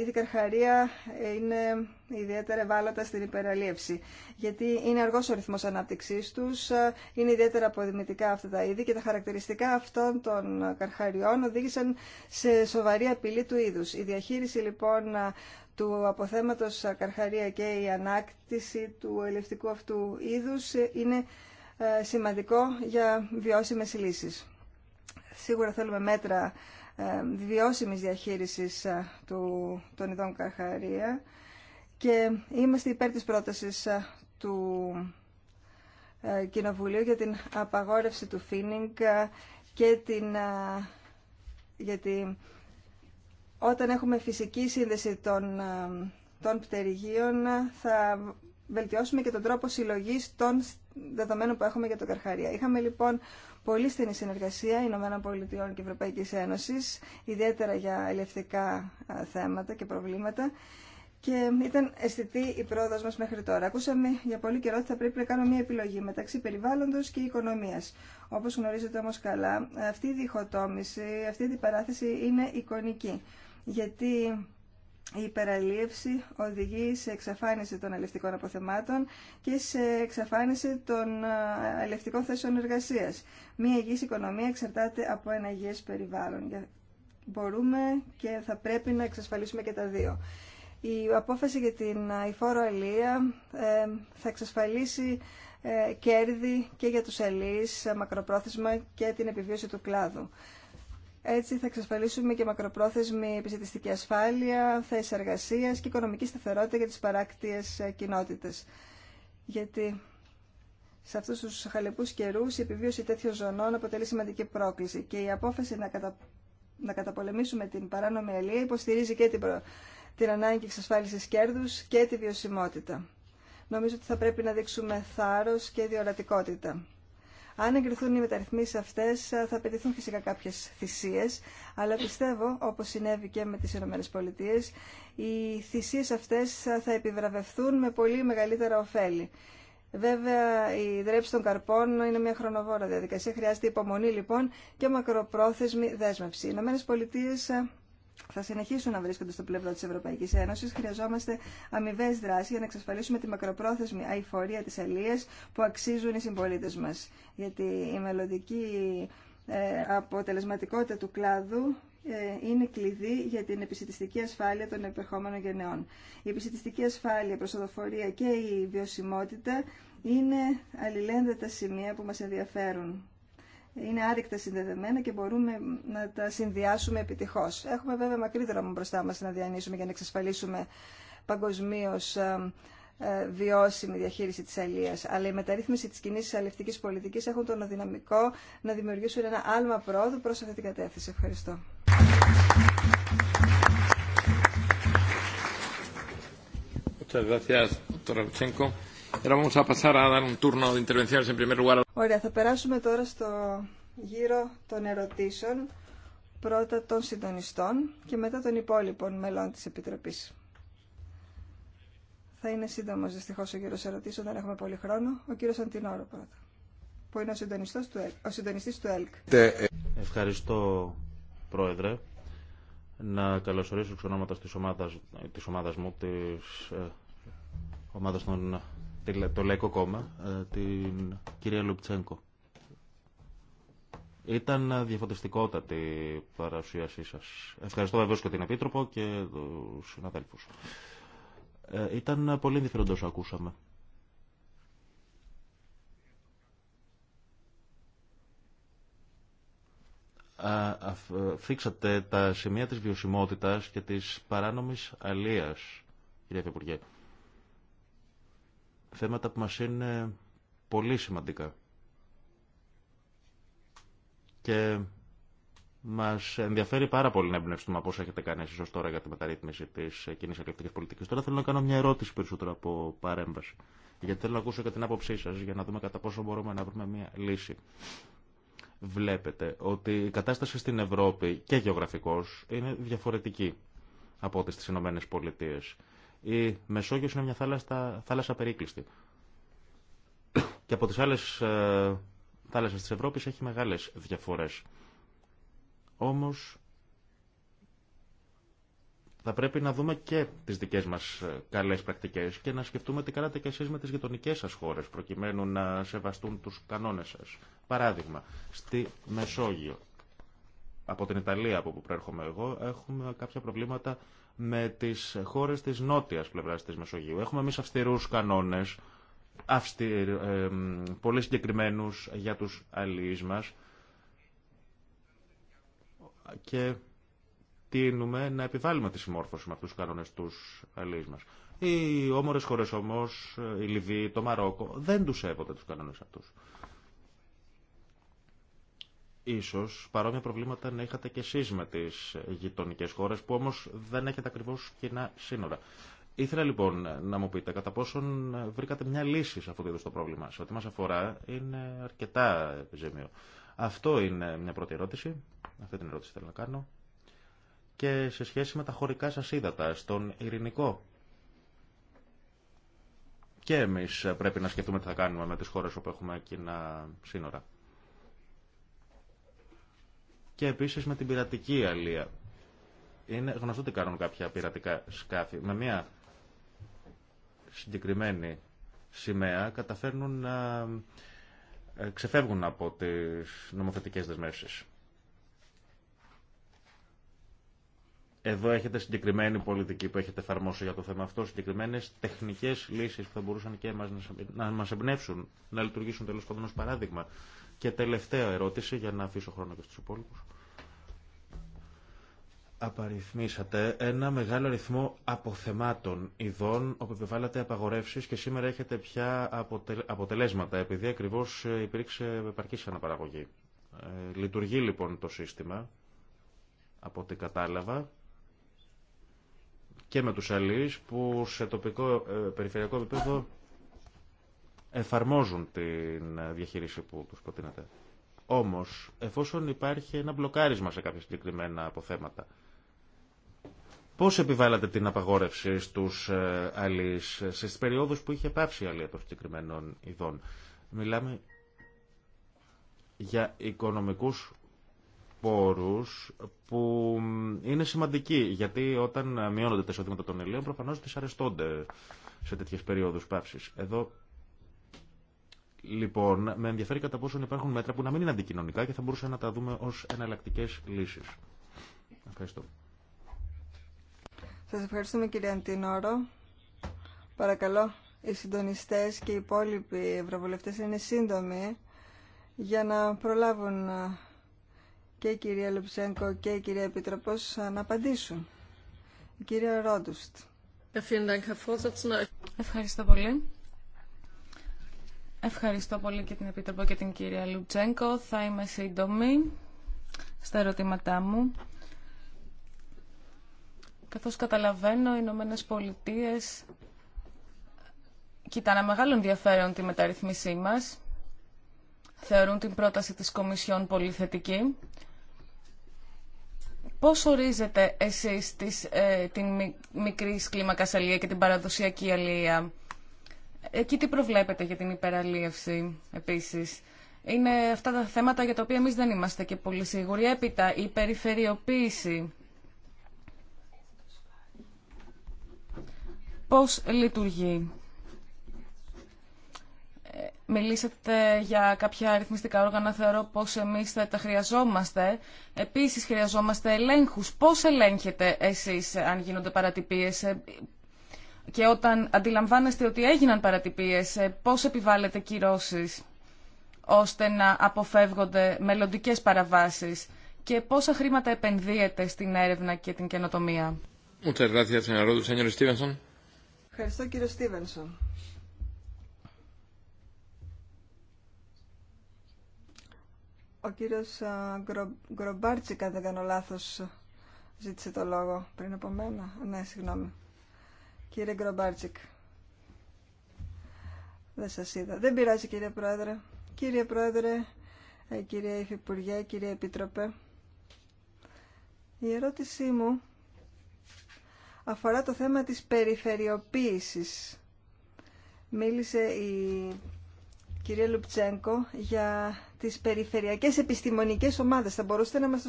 είδη καρχαρία ε, είναι ιδιαίτερα ευάλωτα στην υπεραλίευση, γιατί είναι αργός ο ρυθμός ανάπτυξής τους, είναι ιδιαίτερα αποδημητικά αυτά τα είδη και τα χαρακτηριστικά αυτών των καρχαριών οδήγησαν σε σοβαρή απειλή του είδους. Η διαχείριση λοιπόν του αποθέματος καρχαρία και η ανάκτηση του ελευτικού αυτού είδους ε, είναι ε, σημαντικό για βιώσιμες λύσεις. Σίγουρα θέλουμε μέτρα βιώσιμης διαχείρισης του, των ειδών καρχαρία και είμαστε υπέρ της πρότασης του ε, Κοινοβουλίου για την απαγόρευση του φίνιγκ και την, γιατί όταν έχουμε φυσική σύνδεση των, των θα βελτιώσουμε και τον τρόπο συλλογής των δεδομένων που έχουμε για τον Καρχαρία. Είχαμε λοιπόν πολύ στενή συνεργασία Ηνωμένων Πολιτειών και Ευρωπαϊκής Ένωσης, ιδιαίτερα για ελευθερικά θέματα και προβλήματα. Και ήταν αισθητή η πρόοδος μας μέχρι τώρα. Ακούσαμε για πολύ καιρό ότι θα πρέπει να κάνουμε μια επιλογή μεταξύ περιβάλλοντος και οικονομίας. Όπως γνωρίζετε όμως καλά, αυτή η διχοτόμηση, αυτή η αντιπαράθεση είναι εικονική. Γιατί η υπεραλίευση οδηγεί σε εξαφάνιση των αλευτικών αποθεμάτων και σε εξαφάνιση των ε, αλευτικών θέσεων εργασίας. Μία υγιής οικονομία εξαρτάται από ένα υγιές περιβάλλον. Μπορούμε και θα πρέπει να εξασφαλίσουμε και τα δύο. Η απόφαση για την υφόρο ε, αλία ε, θα εξασφαλίσει κέρδη και για τους αλείς μακροπρόθεσμα και την επιβίωση του κλάδου. Έτσι θα εξασφαλίσουμε και μακροπρόθεσμη επιστημιστική ασφάλεια, θέσει εργασία και οικονομική σταθερότητα για τι παράκτιε κοινότητε. Γιατί σε αυτού του χαλεπού καιρού η επιβίωση τέτοιων ζωνών αποτελεί σημαντική πρόκληση και η απόφαση να, κατα... να καταπολεμήσουμε την παράνομη αλληλεία υποστηρίζει και την, προ... την ανάγκη εξασφάλιση κέρδου και τη βιωσιμότητα. Νομίζω ότι θα πρέπει να δείξουμε θάρρο και διορατικότητα. Αν εγκριθούν οι μεταρρυθμίσει αυτέ, θα απαιτηθούν φυσικά κάποιε θυσίε, αλλά πιστεύω, όπω συνέβη και με τι ΗΠΑ, οι θυσίε αυτέ θα επιβραβευθούν με πολύ μεγαλύτερα ωφέλη. Βέβαια, η δρέψη των καρπών είναι μια χρονοβόρα διαδικασία. Χρειάζεται υπομονή λοιπόν και μακροπρόθεσμη δέσμευση. Οι ΗΠΑ θα συνεχίσουν να βρίσκονται στο πλευρό της Ευρωπαϊκής Ένωσης. Χρειαζόμαστε αμοιβέ δράσει για να εξασφαλίσουμε τη μακροπρόθεσμη αηφορία τη αλίας που αξίζουν οι συμπολίτε μας. Γιατί η μελλοντική ε, αποτελεσματικότητα του κλάδου ε, είναι κλειδί για την επισητιστική ασφάλεια των επερχόμενων γενεών. Η επισητιστική ασφάλεια, η προσοδοφορία και η βιωσιμότητα είναι αλληλένδετα σημεία που μας ενδιαφέρουν είναι άρρηκτα συνδεδεμένα και μπορούμε να τα συνδυάσουμε επιτυχώς. Έχουμε βέβαια μακρύ δρόμο μπροστά μας να διανύσουμε για να εξασφαλίσουμε παγκοσμίω ε, ε, βιώσιμη διαχείριση της αλίας. Αλλά η μεταρρύθμιση της κοινή αλληλευτικής πολιτικής έχουν τον δυναμικό να δημιουργήσουν ένα άλμα πρόοδου προς αυτή την κατεύθυνση. Ευχαριστώ. Muchas gracias, Ωραία, θα περάσουμε τώρα στο γύρο των ερωτήσεων πρώτα των συντονιστών και μετά των υπόλοιπων μελών της Επιτροπής. Θα είναι σύντομος δυστυχώς ο γύρος ερωτήσεων, δεν έχουμε πολύ χρόνο. Ο κύριος Αντινόρο πρώτα, που είναι ο, ε- συντονιστής του ΕΛΚ, ο Ευχαριστώ, Πρόεδρε. Να καλωσορίσω εξ ονόματος της ομάδας, της ομάδας μου, της ε, ομάδας των το Λαϊκό Κόμμα, ε, την κυρία Λουπτσέγκο. Ήταν διαφωτιστικότατη η παρουσίασή σα. Ευχαριστώ βεβαίω και την Επίτροπο και του συναδέλφου. Ε, ήταν πολύ ενδιαφέρον όσο ακούσαμε. Ε, φίξατε τα σημεία της βιωσιμότητας και της παράνομης αλίας, κυρία Υπουργέ θέματα που μας είναι πολύ σημαντικά και μας ενδιαφέρει πάρα πολύ να εμπνευστούμε από όσα έχετε κάνει εσείς ως τώρα για τη μεταρρύθμιση τη κοινή εκλεκτική πολιτική. Τώρα θέλω να κάνω μια ερώτηση περισσότερο από παρέμβαση. Γιατί θέλω να ακούσω και την άποψή σα για να δούμε κατά πόσο μπορούμε να βρούμε μια λύση. Βλέπετε ότι η κατάσταση στην Ευρώπη και γεωγραφικώς είναι διαφορετική από ό,τι στι Ηνωμένε Πολιτείε. Η Μεσόγειος είναι μια θάλασσα, θάλασσα περίκλειστη. Και από τις άλλες ε, θάλασσες της Ευρώπης έχει μεγάλες διαφορές. Όμως θα πρέπει να δούμε και τις δικές μας ε, καλές πρακτικές και να σκεφτούμε τι κάνατε και εσείς με τις γειτονικές σας χώρες προκειμένου να σεβαστούν τους κανόνες σας. Παράδειγμα, στη Μεσόγειο, από την Ιταλία από που προέρχομαι εγώ, έχουμε κάποια προβλήματα με τις χώρες της νότιας πλευρά της Μεσογείου. Έχουμε εμεί αυστηρού κανόνες, ε, πολύ συγκεκριμένου για τους αλληλεί μας και τίνουμε να επιβάλλουμε τη συμμόρφωση με αυτού του κανόνες τους αλληλεί μας. Οι όμορε χώρε όμω, ε, η Λιβύη, το Μαρόκο, δεν του σέβονται τους κανόνες αυτούς. Ίσως παρόμοια προβλήματα να είχατε και εσεί με τις γειτονικέ χώρες που όμως δεν έχετε ακριβώς κοινά σύνορα. Ήθελα λοιπόν να μου πείτε κατά πόσον βρήκατε μια λύση σε αυτό το είδο το πρόβλημα. Σε ό,τι μας αφορά είναι αρκετά επιζήμιο. Αυτό είναι μια πρώτη ερώτηση. Αυτή την ερώτηση θέλω να κάνω. Και σε σχέση με τα χωρικά σας ύδατα στον ειρηνικό. Και εμείς πρέπει να σκεφτούμε τι θα κάνουμε με τις χώρες όπου έχουμε κοινά σύνορα και επίσης με την πειρατική αλία. Είναι γνωστό τι κάνουν κάποια πειρατικά σκάφη. Με μια συγκεκριμένη σημαία καταφέρνουν να ε, ξεφεύγουν από τις νομοθετικές δεσμεύσεις. Εδώ έχετε συγκεκριμένη πολιτική που έχετε εφαρμόσει για το θέμα αυτό, συγκεκριμένε τεχνικέ λύσει που θα μπορούσαν και εμάς να μα εμπνεύσουν, να λειτουργήσουν τέλο πάντων ω παράδειγμα και τελευταία ερώτηση για να αφήσω χρόνο και στους υπόλοιπους. Απαριθμίσατε ένα μεγάλο αριθμό αποθεμάτων ειδών όπου επιβάλλατε απαγορεύσεις και σήμερα έχετε πια αποτελέσματα επειδή ακριβώ ε, υπήρξε επαρκή αναπαραγωγή. Ε, λειτουργεί λοιπόν το σύστημα από ό,τι κατάλαβα και με τους αλληλείς που σε τοπικό ε, περιφερειακό επίπεδο εφαρμόζουν την διαχείριση που τους προτείνεται. Όμως, εφόσον υπάρχει ένα μπλοκάρισμα σε κάποια συγκεκριμένα αποθέματα, πώς επιβάλλατε την απαγόρευση στους σε ε, τις περιόδους που είχε πάψει η αλία των συγκεκριμένων ειδών. Μιλάμε για οικονομικούς πόρους που είναι σημαντικοί, γιατί όταν μειώνονται τα εισοδήματα των ελαίων προφανώς τις αρεστώνται σε τέτοιες περίοδους πάυσης. Εδώ Λοιπόν, με ενδιαφέρει κατά πόσον υπάρχουν μέτρα που να μην είναι αντικοινωνικά και θα μπορούσαμε να τα δούμε ω εναλλακτικέ λύσει. Ευχαριστώ. Σας ευχαριστούμε κύριε Αντινόρο. Παρακαλώ, οι συντονιστές και οι υπόλοιποι ευρωβουλευτές είναι σύντομοι για να προλάβουν ε, και η κυρία Λουψένκο και η κυρία Επίτροπο ε, να απαντήσουν. Η κυρία Ρόντουστ. Ευχαριστώ πολύ. Ευχαριστώ πολύ και την Επίτροπο και την κυρία Λουτσέγκο. Θα είμαι σύντομη στα ερωτήματά μου. Καθώς καταλαβαίνω, οι Ηνωμένε Πολιτείε κοιτάνε μεγάλο ενδιαφέρον τη μεταρρυθμίσή μας. Θεωρούν την πρόταση της Κομισιόν πολύ θετική. Πώς ορίζετε εσείς τις, ε, την μικρή κλίμακα αλληλεία και την παραδοσιακή αλληλεία Εκεί τι προβλέπετε για την υπεραλίευση επίσης. Είναι αυτά τα θέματα για τα οποία εμείς δεν είμαστε και πολύ σίγουροι. Έπειτα, η περιφερειοποίηση. Πώς λειτουργεί. Ε, μιλήσατε για κάποια αριθμιστικά όργανα, θεωρώ πως εμείς θα τα χρειαζόμαστε. Επίσης χρειαζόμαστε ελέγχους. Πώς ελέγχετε εσείς αν γίνονται παρατυπίες, ε, και όταν αντιλαμβάνεστε ότι έγιναν παρατυπίες, ε, πώς επιβάλλετε κυρώσεις ώστε να αποφεύγονται μελλοντικέ παραβάσεις και πόσα χρήματα επενδύεται στην έρευνα και την καινοτομία. Ευχαριστώ κύριο Στίβενσον. Ο κύριος Γκρο, Γκρομπάρτσικα, δεν κάνω λάθος, ζήτησε το λόγο πριν από μένα. Ναι, συγγνώμη. Κύριε Γκρομπάρτσικ. Δεν σας είδα. Δεν πειράζει κύριε Πρόεδρε. Κύριε Πρόεδρε, ε, κύριε Υφυπουργέ, κύριε Επίτροπε. Η ερώτησή μου αφορά το θέμα της περιφερειοποίησης. Μίλησε η κυρία Λουπτσένκο για τις περιφερειακές επιστημονικές ομάδες. Θα μπορούσατε να μας το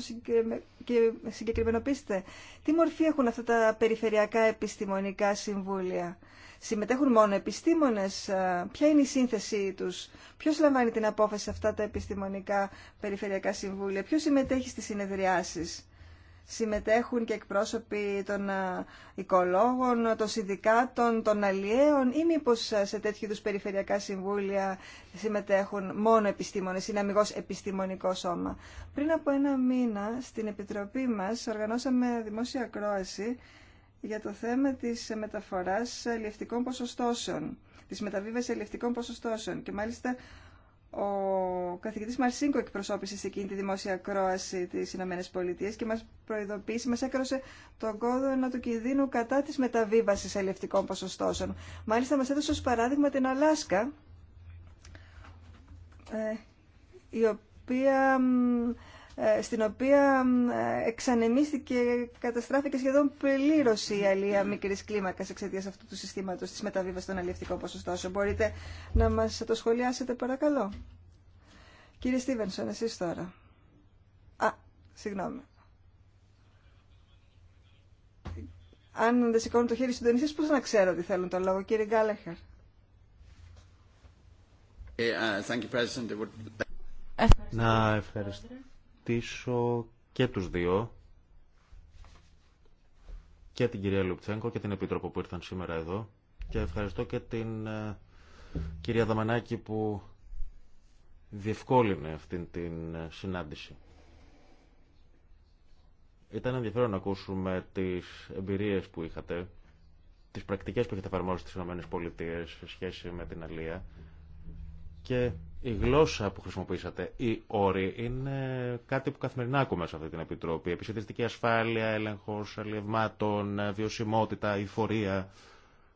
συγκεκριμενοποιήσετε. Τι μορφή έχουν αυτά τα περιφερειακά επιστημονικά συμβούλια. Συμμετέχουν μόνο επιστήμονες. Ποια είναι η σύνθεσή τους. Ποιος λαμβάνει την απόφαση σε αυτά τα επιστημονικά περιφερειακά συμβούλια. Ποιος συμμετέχει στις συνεδριάσεις συμμετέχουν και εκπρόσωποι των ε, οικολόγων, των συνδικάτων, των αλλιέων ή μήπω ε, σε τέτοιου είδου περιφερειακά συμβούλια συμμετέχουν μόνο επιστήμονες, είναι αμυγό επιστημονικό σώμα. Πριν από ένα μήνα στην Επιτροπή μας οργανώσαμε δημόσια ακρόαση για το θέμα της μεταφοράς λιευτικών ποσοστώσεων, της μεταβίβασης λιευτικών ποσοστώσεων και μάλιστα ο Καθηγητή Μαρσίνκο εκπροσώπησε σε εκείνη τη δημόσια ακρόαση τη ΗΠΑ και μας προειδοποίησε, μα έκρωσε τον κόδωνα του κινδύνου κατά της μεταβίβασης αλληλευτικών ποσοστώσεων. Μάλιστα μας έδωσε ως παράδειγμα την Αλάσκα, ε, η οποία ε, στην οποία ε, εξανεμίστηκε καταστράφηκε σχεδόν πλήρω η αλία μικρή κλίμακα εξαιτία αυτού του συστήματο τη μεταβίβαση των αλληλευτικών ποσοστών. Μπορείτε να μα το σχολιάσετε, παρακαλώ. Κύριε Στίβενσον, εσεί τώρα. Α, συγγνώμη. Αν δεν σηκώνουν το χέρι συντονιστέ, πώ να ξέρω ότι θέλουν το λόγο, κύριε Γκάλεχερ. Ε, να ευχαριστώ ρωτήσω και τους δύο, και την κυρία Λουπτσέγκο και την Επίτροπο που ήρθαν σήμερα εδώ και ευχαριστώ και την ε, κυρία Δαμανάκη που διευκόλυνε αυτήν την ε, συνάντηση. Ήταν ενδιαφέρον να ακούσουμε τις εμπειρίες που είχατε, τις πρακτικές που έχετε εφαρμόσει στις ΗΠΑ σε σχέση με την Αλία και η γλώσσα που χρησιμοποιήσατε, οι όροι, είναι κάτι που καθημερινά ακούμε σε αυτή την Επιτροπή. Επισητιστική ασφάλεια, έλεγχος αλλιευμάτων, βιωσιμότητα, υφορία,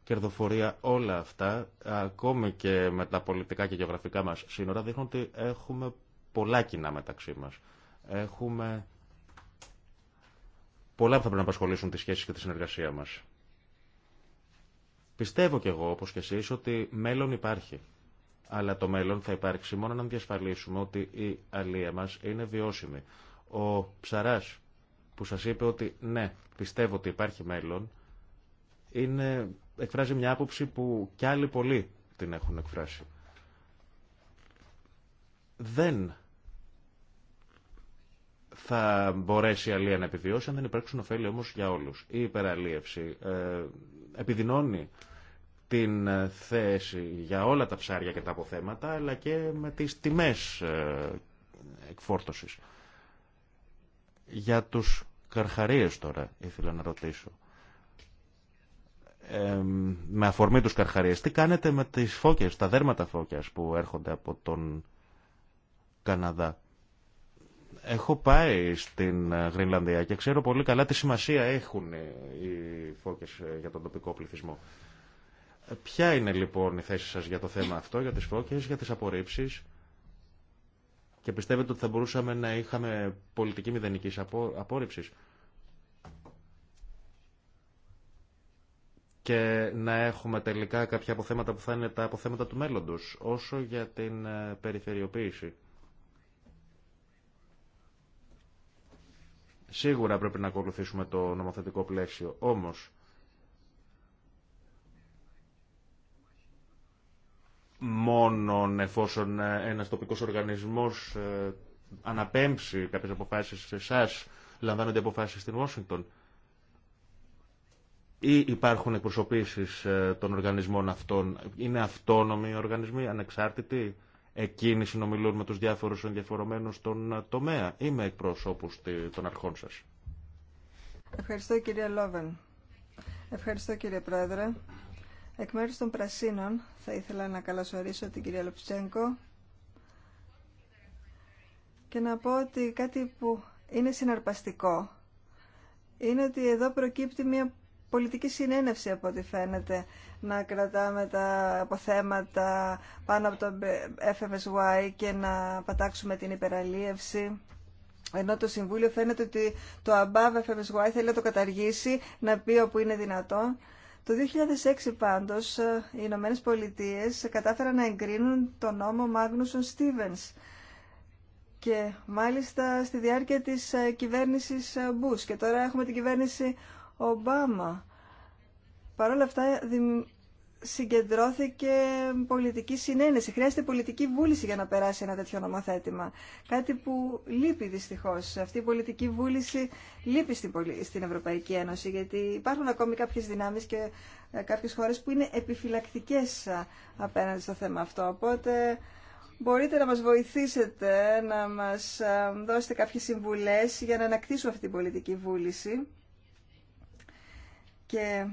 κερδοφορία, όλα αυτά, ακόμη και με τα πολιτικά και γεωγραφικά μα σύνορα, δείχνουν ότι έχουμε πολλά κοινά μεταξύ μα. Έχουμε πολλά που θα πρέπει να απασχολήσουν τι σχέσει και τη συνεργασία μα. Πιστεύω κι εγώ, όπω κι εσεί ότι μέλλον υπάρχει αλλά το μέλλον θα υπάρξει μόνο να διασφαλίσουμε ότι η αλία μας είναι βιώσιμη. Ο ψαράς που σας είπε ότι ναι, πιστεύω ότι υπάρχει μέλλον, είναι, εκφράζει μια άποψη που κι άλλοι πολλοί την έχουν εκφράσει. Δεν θα μπορέσει η αλία να επιβιώσει αν δεν υπάρξουν ωφέλη όμως για όλους. Η υπεραλίευση ε, επιδεινώνει την ε, θέση για όλα τα ψάρια και τα αποθέματα, αλλά και με τις τιμές ε, εκφόρτωσης. Για τους καρχαρίες τώρα ήθελα να ρωτήσω. Ε, με αφορμή τους καρχαρίες, τι κάνετε με τις φώκες, τα δέρματα φώκιας που έρχονται από τον Καναδά. Έχω πάει στην Γρινλανδία και ξέρω πολύ καλά τι σημασία έχουν οι φώκες για τον τοπικό πληθυσμό. Ποια είναι λοιπόν η θέση σας για το θέμα αυτό, για τις φώκες, για τις απορρίψεις και πιστεύετε ότι θα μπορούσαμε να είχαμε πολιτική μηδενικής απόρριψης και να έχουμε τελικά κάποια αποθέματα που θα είναι τα αποθέματα του μέλλοντος όσο για την ε, περιφερειοποίηση. Σίγουρα πρέπει να ακολουθήσουμε το νομοθετικό πλαίσιο, όμως μόνο εφόσον ε, ένας τοπικός οργανισμός ε, αναπέμψει κάποιες αποφάσεις σε εσά, λαμβάνονται αποφάσεις στην Ουάσιγκτον. Ή υπάρχουν εκπροσωπήσεις ε, των οργανισμών αυτών. Είναι αυτόνομοι οι οργανισμοί, ανεξάρτητοι. Εκείνοι συνομιλούν με τους διάφορους ενδιαφορομένους στον τομέα ή με εκπροσώπους των αρχών σας. Ευχαριστώ κύριε Λόβεν. Ευχαριστώ κύριε Πρόεδρε. Εκ μέρους των Πρασίνων θα ήθελα να καλωσορίσω την κυρία Λοψέγκο και να πω ότι κάτι που είναι συναρπαστικό είναι ότι εδώ προκύπτει μια πολιτική συνένευση από ό,τι φαίνεται να κρατάμε τα αποθέματα πάνω από το FMSY και να πατάξουμε την υπεραλίευση ενώ το Συμβούλιο φαίνεται ότι το above FMSY θέλει να το καταργήσει, να πει όπου είναι δυνατόν το 2006 πάντως ε, οι Ηνωμένε Πολιτείε κατάφεραν να εγκρίνουν τον νόμο Μάγνουσον Στίβενς και μάλιστα στη διάρκεια της ε, κυβέρνησης ε, Μπούς και τώρα έχουμε την κυβέρνηση Ομπάμα. Παρ' όλα αυτά συγκεντρώθηκε πολιτική συνένεση. Χρειάζεται πολιτική βούληση για να περάσει ένα τέτοιο νομοθέτημα. Κάτι που λείπει δυστυχώ. Αυτή η πολιτική βούληση λείπει στην Ευρωπαϊκή Ένωση, γιατί υπάρχουν ακόμη κάποιε δυνάμει και ε, κάποιε χώρε που είναι επιφυλακτικέ ε, απέναντι στο θέμα αυτό. Οπότε μπορείτε να μας βοηθήσετε, να μας ε, δώσετε κάποιες συμβουλές για να ανακτήσουμε αυτή την πολιτική βούληση. Και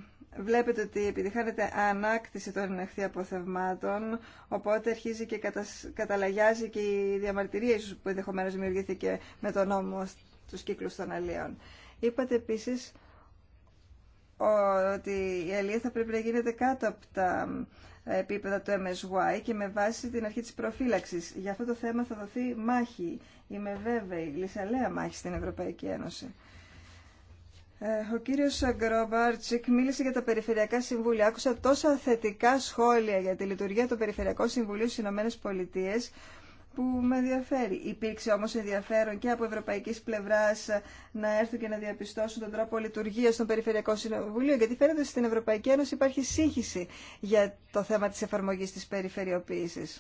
Βλέπετε ότι επιτυχάνεται ανάκτηση των ενεχθεί αποθευμάτων, οπότε αρχίζει και καταλαγιάζει και η διαμαρτυρία ίσως που ενδεχομένω δημιουργήθηκε με τον νόμο στους κύκλους των αλλιών. Είπατε επίσης ότι η αλληλεία θα πρέπει να γίνεται κάτω από τα επίπεδα του MSY και με βάση την αρχή της προφύλαξης. Για αυτό το θέμα θα δοθεί μάχη, είμαι βέβαιη, λησαλέα μάχη στην Ευρωπαϊκή Ένωση. Ε, ο κύριο Γκρομπάρτσικ μίλησε για τα Περιφερειακά Συμβούλια. Άκουσα τόσα θετικά σχόλια για τη λειτουργία των Περιφερειακών Συμβουλίων στι Ηνωμένες που με ενδιαφέρει. Υπήρξε όμω ενδιαφέρον και από Ευρωπαϊκή Πλευρά να έρθουν και να διαπιστώσουν τον τρόπο λειτουργία των Περιφερειακών Συμβουλίων, γιατί φαίνεται ότι στην Ευρωπαϊκή Ένωση υπάρχει σύγχυση για το θέμα τη εφαρμογή τη περιφερειοποίηση.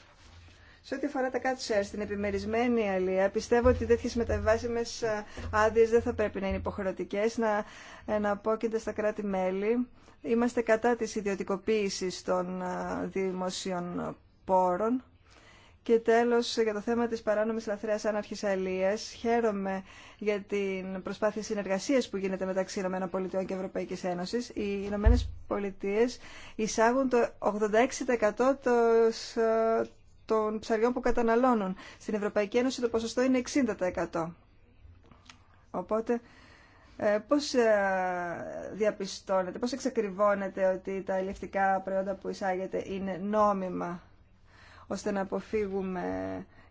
Σε ό,τι αφορά τα cut share, στην επιμερισμένη αλία, πιστεύω ότι τέτοιε μεταβάσιμε ε, άδειε δεν θα πρέπει να είναι υποχρεωτικέ, να εναπόκεινται στα κράτη-μέλη. Είμαστε κατά τη ιδιωτικοποίηση των ε, δημοσίων πόρων. Και τέλο, για το θέμα τη παράνομη λαθρέα άναρχης αλίας, χαίρομαι για την προσπάθεια συνεργασία που γίνεται μεταξύ ΗΠΑ και ΕΕ. Οι ΗΠΑ εισάγουν το 86% ε, των ψαριών που καταναλώνουν. Στην Ευρωπαϊκή Ένωση το ποσοστό είναι 60%. Οπότε ε, πώς ε, διαπιστώνετε, πώς εξακριβώνεται ότι τα ελευτικά προϊόντα που εισάγεται είναι νόμιμα ώστε να αποφύγουμε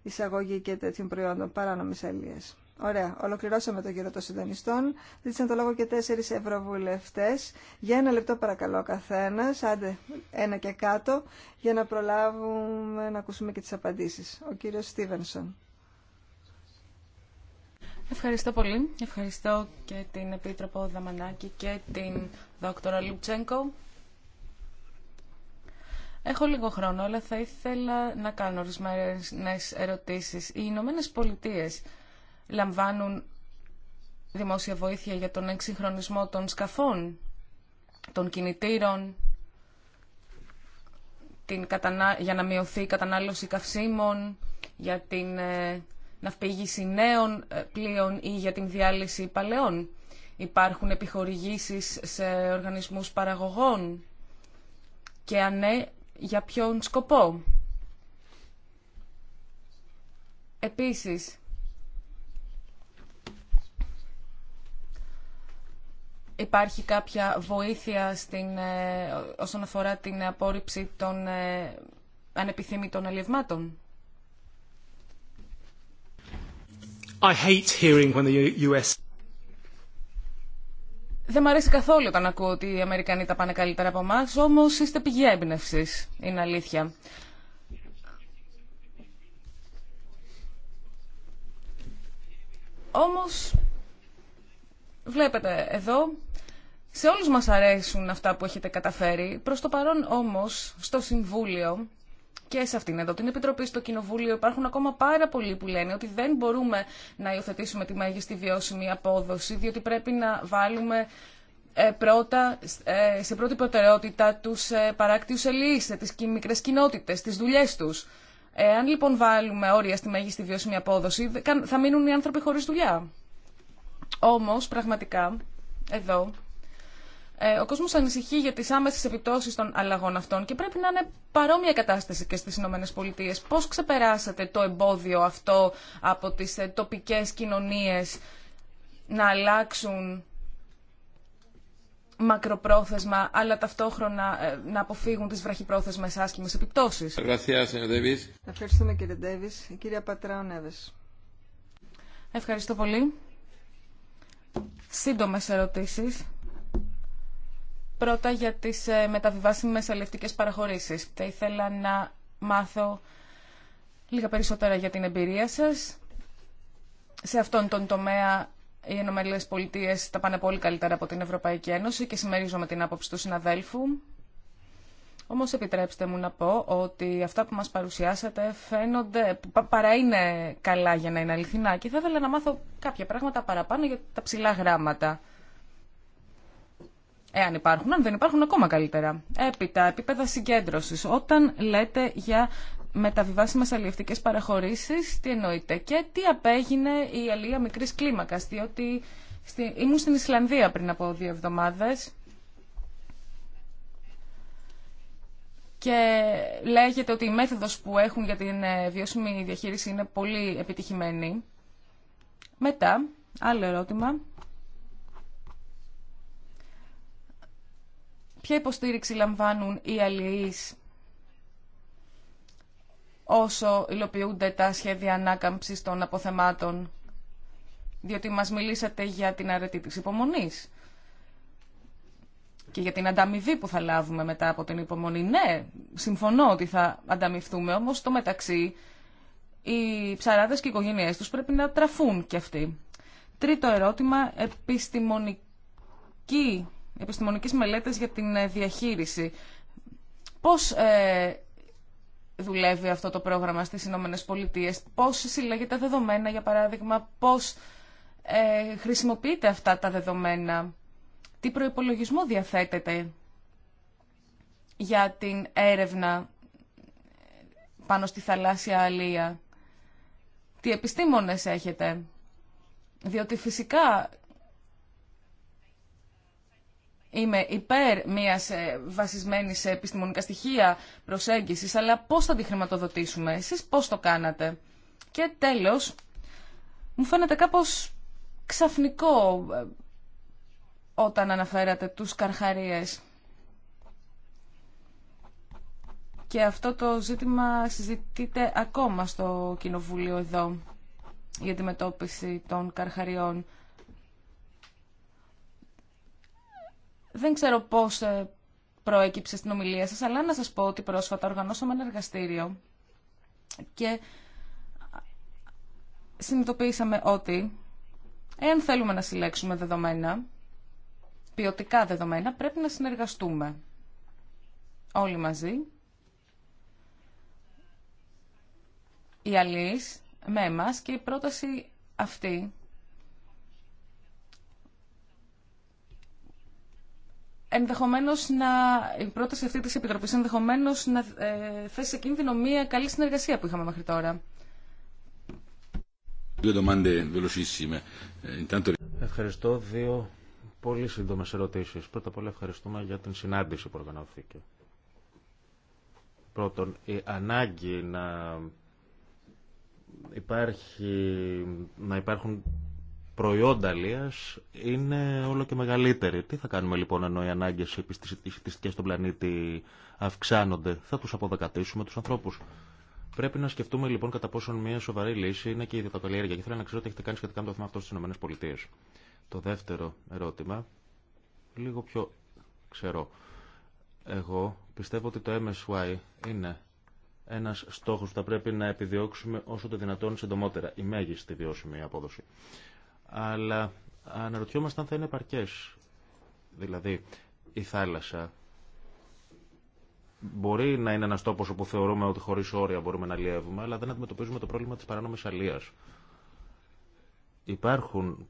εισαγωγή και τέτοιων προϊόντων παράνομης αλίας. Ωραία. Ολοκληρώσαμε τον κύριο των συντονιστών. Δείξαν το λόγο και τέσσερι ευρωβουλευτέ. Για ένα λεπτό παρακαλώ καθένα, άντε ένα και κάτω, για να προλάβουμε να ακούσουμε και τι απαντήσει. Ο κύριο Στίβενσον. Ευχαριστώ πολύ. Ευχαριστώ και την Επίτροπο Δαμανάκη και την Δόκτωρα Λουτσέγκο. Έχω λίγο χρόνο, αλλά θα ήθελα να κάνω ορισμένε ερωτήσει. Οι Ηνωμένε Πολιτείε λαμβάνουν δημόσια βοήθεια για τον εξυγχρονισμό των σκαφών, των κινητήρων, την κατανα... για να μειωθεί η κατανάλωση καυσίμων, για την ε, ναυπηγήση νέων ε, πλοίων ή για την διάλυση παλαιών. Υπάρχουν επιχορηγήσεις σε οργανισμούς παραγωγών και αν ναι, για ποιον σκοπό. Επίσης, υπάρχει κάποια βοήθεια στην, ε, όσον αφορά την απόρριψη των ε, ανεπιθύμητων αλλιευμάτων. I hate hearing when the US... Δεν μου αρέσει καθόλου όταν ακούω ότι οι Αμερικανοί τα πάνε καλύτερα από εμά, όμω είστε πηγή έμπνευση. Είναι αλήθεια. Όμω, βλέπετε εδώ σε όλους μας αρέσουν αυτά που έχετε καταφέρει. Προς το παρόν όμως, στο Συμβούλιο και σε αυτήν εδώ την Επιτροπή, στο Κοινοβούλιο, υπάρχουν ακόμα πάρα πολλοί που λένε ότι δεν μπορούμε να υιοθετήσουμε τη μέγιστη βιώσιμη απόδοση, διότι πρέπει να βάλουμε ε, πρώτα, ε, σε πρώτη προτεραιότητα τους ε, παράκτιους ελίς, τις μικρές κοινότητες, τις δουλειές τους. Αν λοιπόν βάλουμε όρια στη μέγιστη βιώσιμη απόδοση, θα μείνουν οι άνθρωποι χωρίς δουλειά. Όμως, πραγματικά, εδώ, ε, ο κόσμος ανησυχεί για τι άμεσε επιπτώσει των αλλαγών αυτών και πρέπει να είναι παρόμοια κατάσταση και στις ΗΠΑ. Πολιτείες. Πώς ξεπεράσατε το εμπόδιο αυτό από τις ε, τοπικές κοινωνίες να αλλάξουν μακροπρόθεσμα, αλλά ταυτόχρονα ε, να αποφύγουν τις βραχυπρόθεσμες άσχημες επιπτώσεις. Ευχαριστούμε κύριε Ντέβις. Η κυρία Πατράου Νέβες. Ευχαριστώ πολύ. Σύντομες ερωτήσεις. Πρώτα για τις ε, μεταβιβάσιμες αλληλευτικές παραχωρήσεις. Θα ήθελα να μάθω λίγα περισσότερα για την εμπειρία σας. Σε αυτόν τον τομέα οι ΕΠΑ Πολιτείες τα πάνε πολύ καλύτερα από την Ευρωπαϊκή Ένωση και συμμερίζομαι την άποψη του συναδέλφου. Όμως επιτρέψτε μου να πω ότι αυτά που μας παρουσιάσατε φαίνονται, παρά είναι καλά για να είναι αληθινά και θα ήθελα να μάθω κάποια πράγματα παραπάνω για τα ψηλά γράμματα εάν υπάρχουν, αν δεν υπάρχουν ακόμα καλύτερα. Έπειτα, επίπεδα συγκέντρωση. Όταν λέτε για μεταβιβάσιμε αλλιευτικέ παραχωρήσει, τι εννοείτε και τι απέγινε η αλληλεία μικρής κλίμακας, διότι στη... ήμουν στην Ισλανδία πριν από δύο εβδομάδες και λέγεται ότι η μέθοδος που έχουν για την ε, βιώσιμη διαχείριση είναι πολύ επιτυχημένη. Μετά, άλλο ερώτημα. Ποια υποστήριξη λαμβάνουν οι αλληλείς όσο υλοποιούνται τα σχέδια ανάκαμψης των αποθεμάτων, διότι μας μιλήσατε για την αρετή της υπομονής και για την ανταμοιβή που θα λάβουμε μετά από την υπομονή. Ναι, συμφωνώ ότι θα ανταμοιφθούμε, όμως στο μεταξύ οι ψαράδες και οι οικογένειές τους πρέπει να τραφούν κι αυτοί. Τρίτο ερώτημα, επιστημονική επιστημονικής μελέτης για την ε, διαχείριση. Πώς ε, δουλεύει αυτό το πρόγραμμα στις Ηνωμένες Πολιτείες, πώς συλλέγεται δεδομένα, για παράδειγμα, πώς ε, χρησιμοποιείται αυτά τα δεδομένα, τι προϋπολογισμό διαθέτεται για την έρευνα πάνω στη θαλάσσια αλία, τι επιστήμονες έχετε, διότι φυσικά είμαι υπέρ μιας ε, βασισμένης σε επιστημονικά στοιχεία προσέγγισης, αλλά πώς θα τη χρηματοδοτήσουμε, εσείς πώς το κάνατε. Και τέλος, μου φαίνεται κάπως ξαφνικό ε, όταν αναφέρατε τους καρχαρίες. Και αυτό το ζήτημα συζητείται ακόμα στο Κοινοβούλιο εδώ για τη μετώπιση των καρχαριών. Δεν ξέρω πώς ε, προέκυψε στην ομιλία σας, αλλά να σας πω ότι πρόσφατα οργανώσαμε ένα εργαστήριο και συνειδητοποίησαμε ότι εάν θέλουμε να συλλέξουμε δεδομένα, ποιοτικά δεδομένα, πρέπει να συνεργαστούμε όλοι μαζί. Οι αλλοί με εμάς και η πρόταση αυτή ενδεχομένως να, η πρόταση αυτή της Επιτροπής ενδεχομένως να ε, θέσει σε κίνδυνο μια καλή συνεργασία που είχαμε μέχρι τώρα. Ε, Ευχαριστώ. Δύο πολύ σύντομε ερωτήσει. Πρώτα απ' όλα ευχαριστούμε για την συνάντηση που οργανώθηκε. Πρώτον, η ανάγκη να, υπάρχει, να υπάρχουν προϊόντα λίας είναι όλο και μεγαλύτερη. Τι θα κάνουμε λοιπόν ενώ οι ανάγκε επιστημιστικέ στον πλανήτη αυξάνονται. Θα τους αποδεκατήσουμε τους ανθρώπους. Πρέπει να σκεφτούμε λοιπόν κατά πόσον μια σοβαρή λύση είναι και η ιδιωτοκαλλιέργεια. Και θέλω να ξέρω τι έχετε κάνει σχετικά με το θέμα αυτό στι ΗΠΑ. Το δεύτερο ερώτημα, λίγο πιο ξέρω. Εγώ πιστεύω ότι το MSY είναι ένα στόχο που θα πρέπει να επιδιώξουμε όσο το δυνατόν συντομότερα. Η μέγιστη βιώσιμη απόδοση αλλά αναρωτιόμαστε αν θα είναι παρκές. Δηλαδή, η θάλασσα μπορεί να είναι ένας τόπος όπου θεωρούμε ότι χωρίς όρια μπορούμε να αλλιεύουμε, αλλά δεν αντιμετωπίζουμε το πρόβλημα της παράνομης αλίας. Υπάρχουν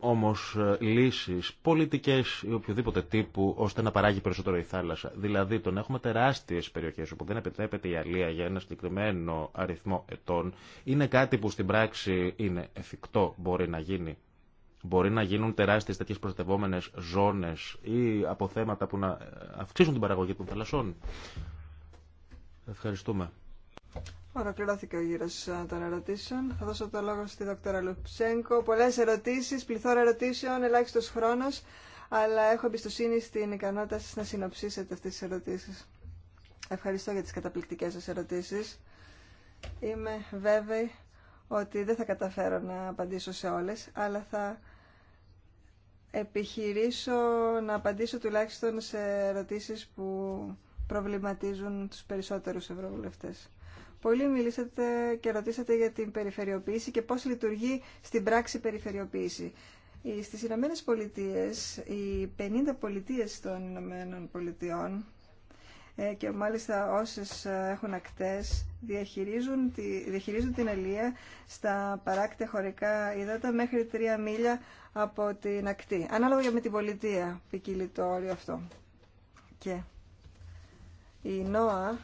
όμως ε, λύσεις πολιτικές ή οποιοδήποτε τύπου ώστε να παράγει περισσότερο η θάλασσα. Δηλαδή τον έχουμε τεράστιες περιοχές όπου δεν επιτρέπεται η αλία για ένα συγκεκριμένο αριθμό ετών. Είναι κάτι που στην πράξη είναι εφικτό, μπορεί να γίνει. Μπορεί να γίνουν τεράστιες τέτοιες προστατευόμενες ζώνες ή αποθέματα που να ε, αυξήσουν την παραγωγή των θαλασσών. Ευχαριστούμε. Ολοκληρώθηκε ο γύρο ε, των ερωτήσεων. Θα δώσω το λόγο στη δόκτωρα Λουψέγκο. Πολλέ ερωτήσει, πληθώρα ερωτήσεων, ελάχιστο χρόνο, αλλά έχω εμπιστοσύνη στην ικανότητα σα να συνοψίσετε αυτέ τι ερωτήσει. Ευχαριστώ για τι καταπληκτικέ σα ερωτήσει. Είμαι βέβαιη ότι δεν θα καταφέρω να απαντήσω σε όλες, αλλά θα επιχειρήσω να απαντήσω τουλάχιστον σε ερωτήσεις που προβληματίζουν τους περισσότερους ευρωβουλευτές. Πολλοί μιλήσατε και ρωτήσατε για την περιφερειοποίηση και πώς λειτουργεί στην πράξη περιφερειοποίηση. Στις Ηνωμένε Πολιτείε, οι 50 πολιτείες των Ηνωμένων Πολιτειών ε, και μάλιστα όσες ε, έχουν ακτές διαχειρίζουν, τη, διαχειρίζουν την αλία στα παράκτη χωρικά υδάτα μέχρι 3 μίλια από την ακτή. Ανάλογα με την πολιτεία ποικίλει το όριο αυτό. Και η ΝΟΑ,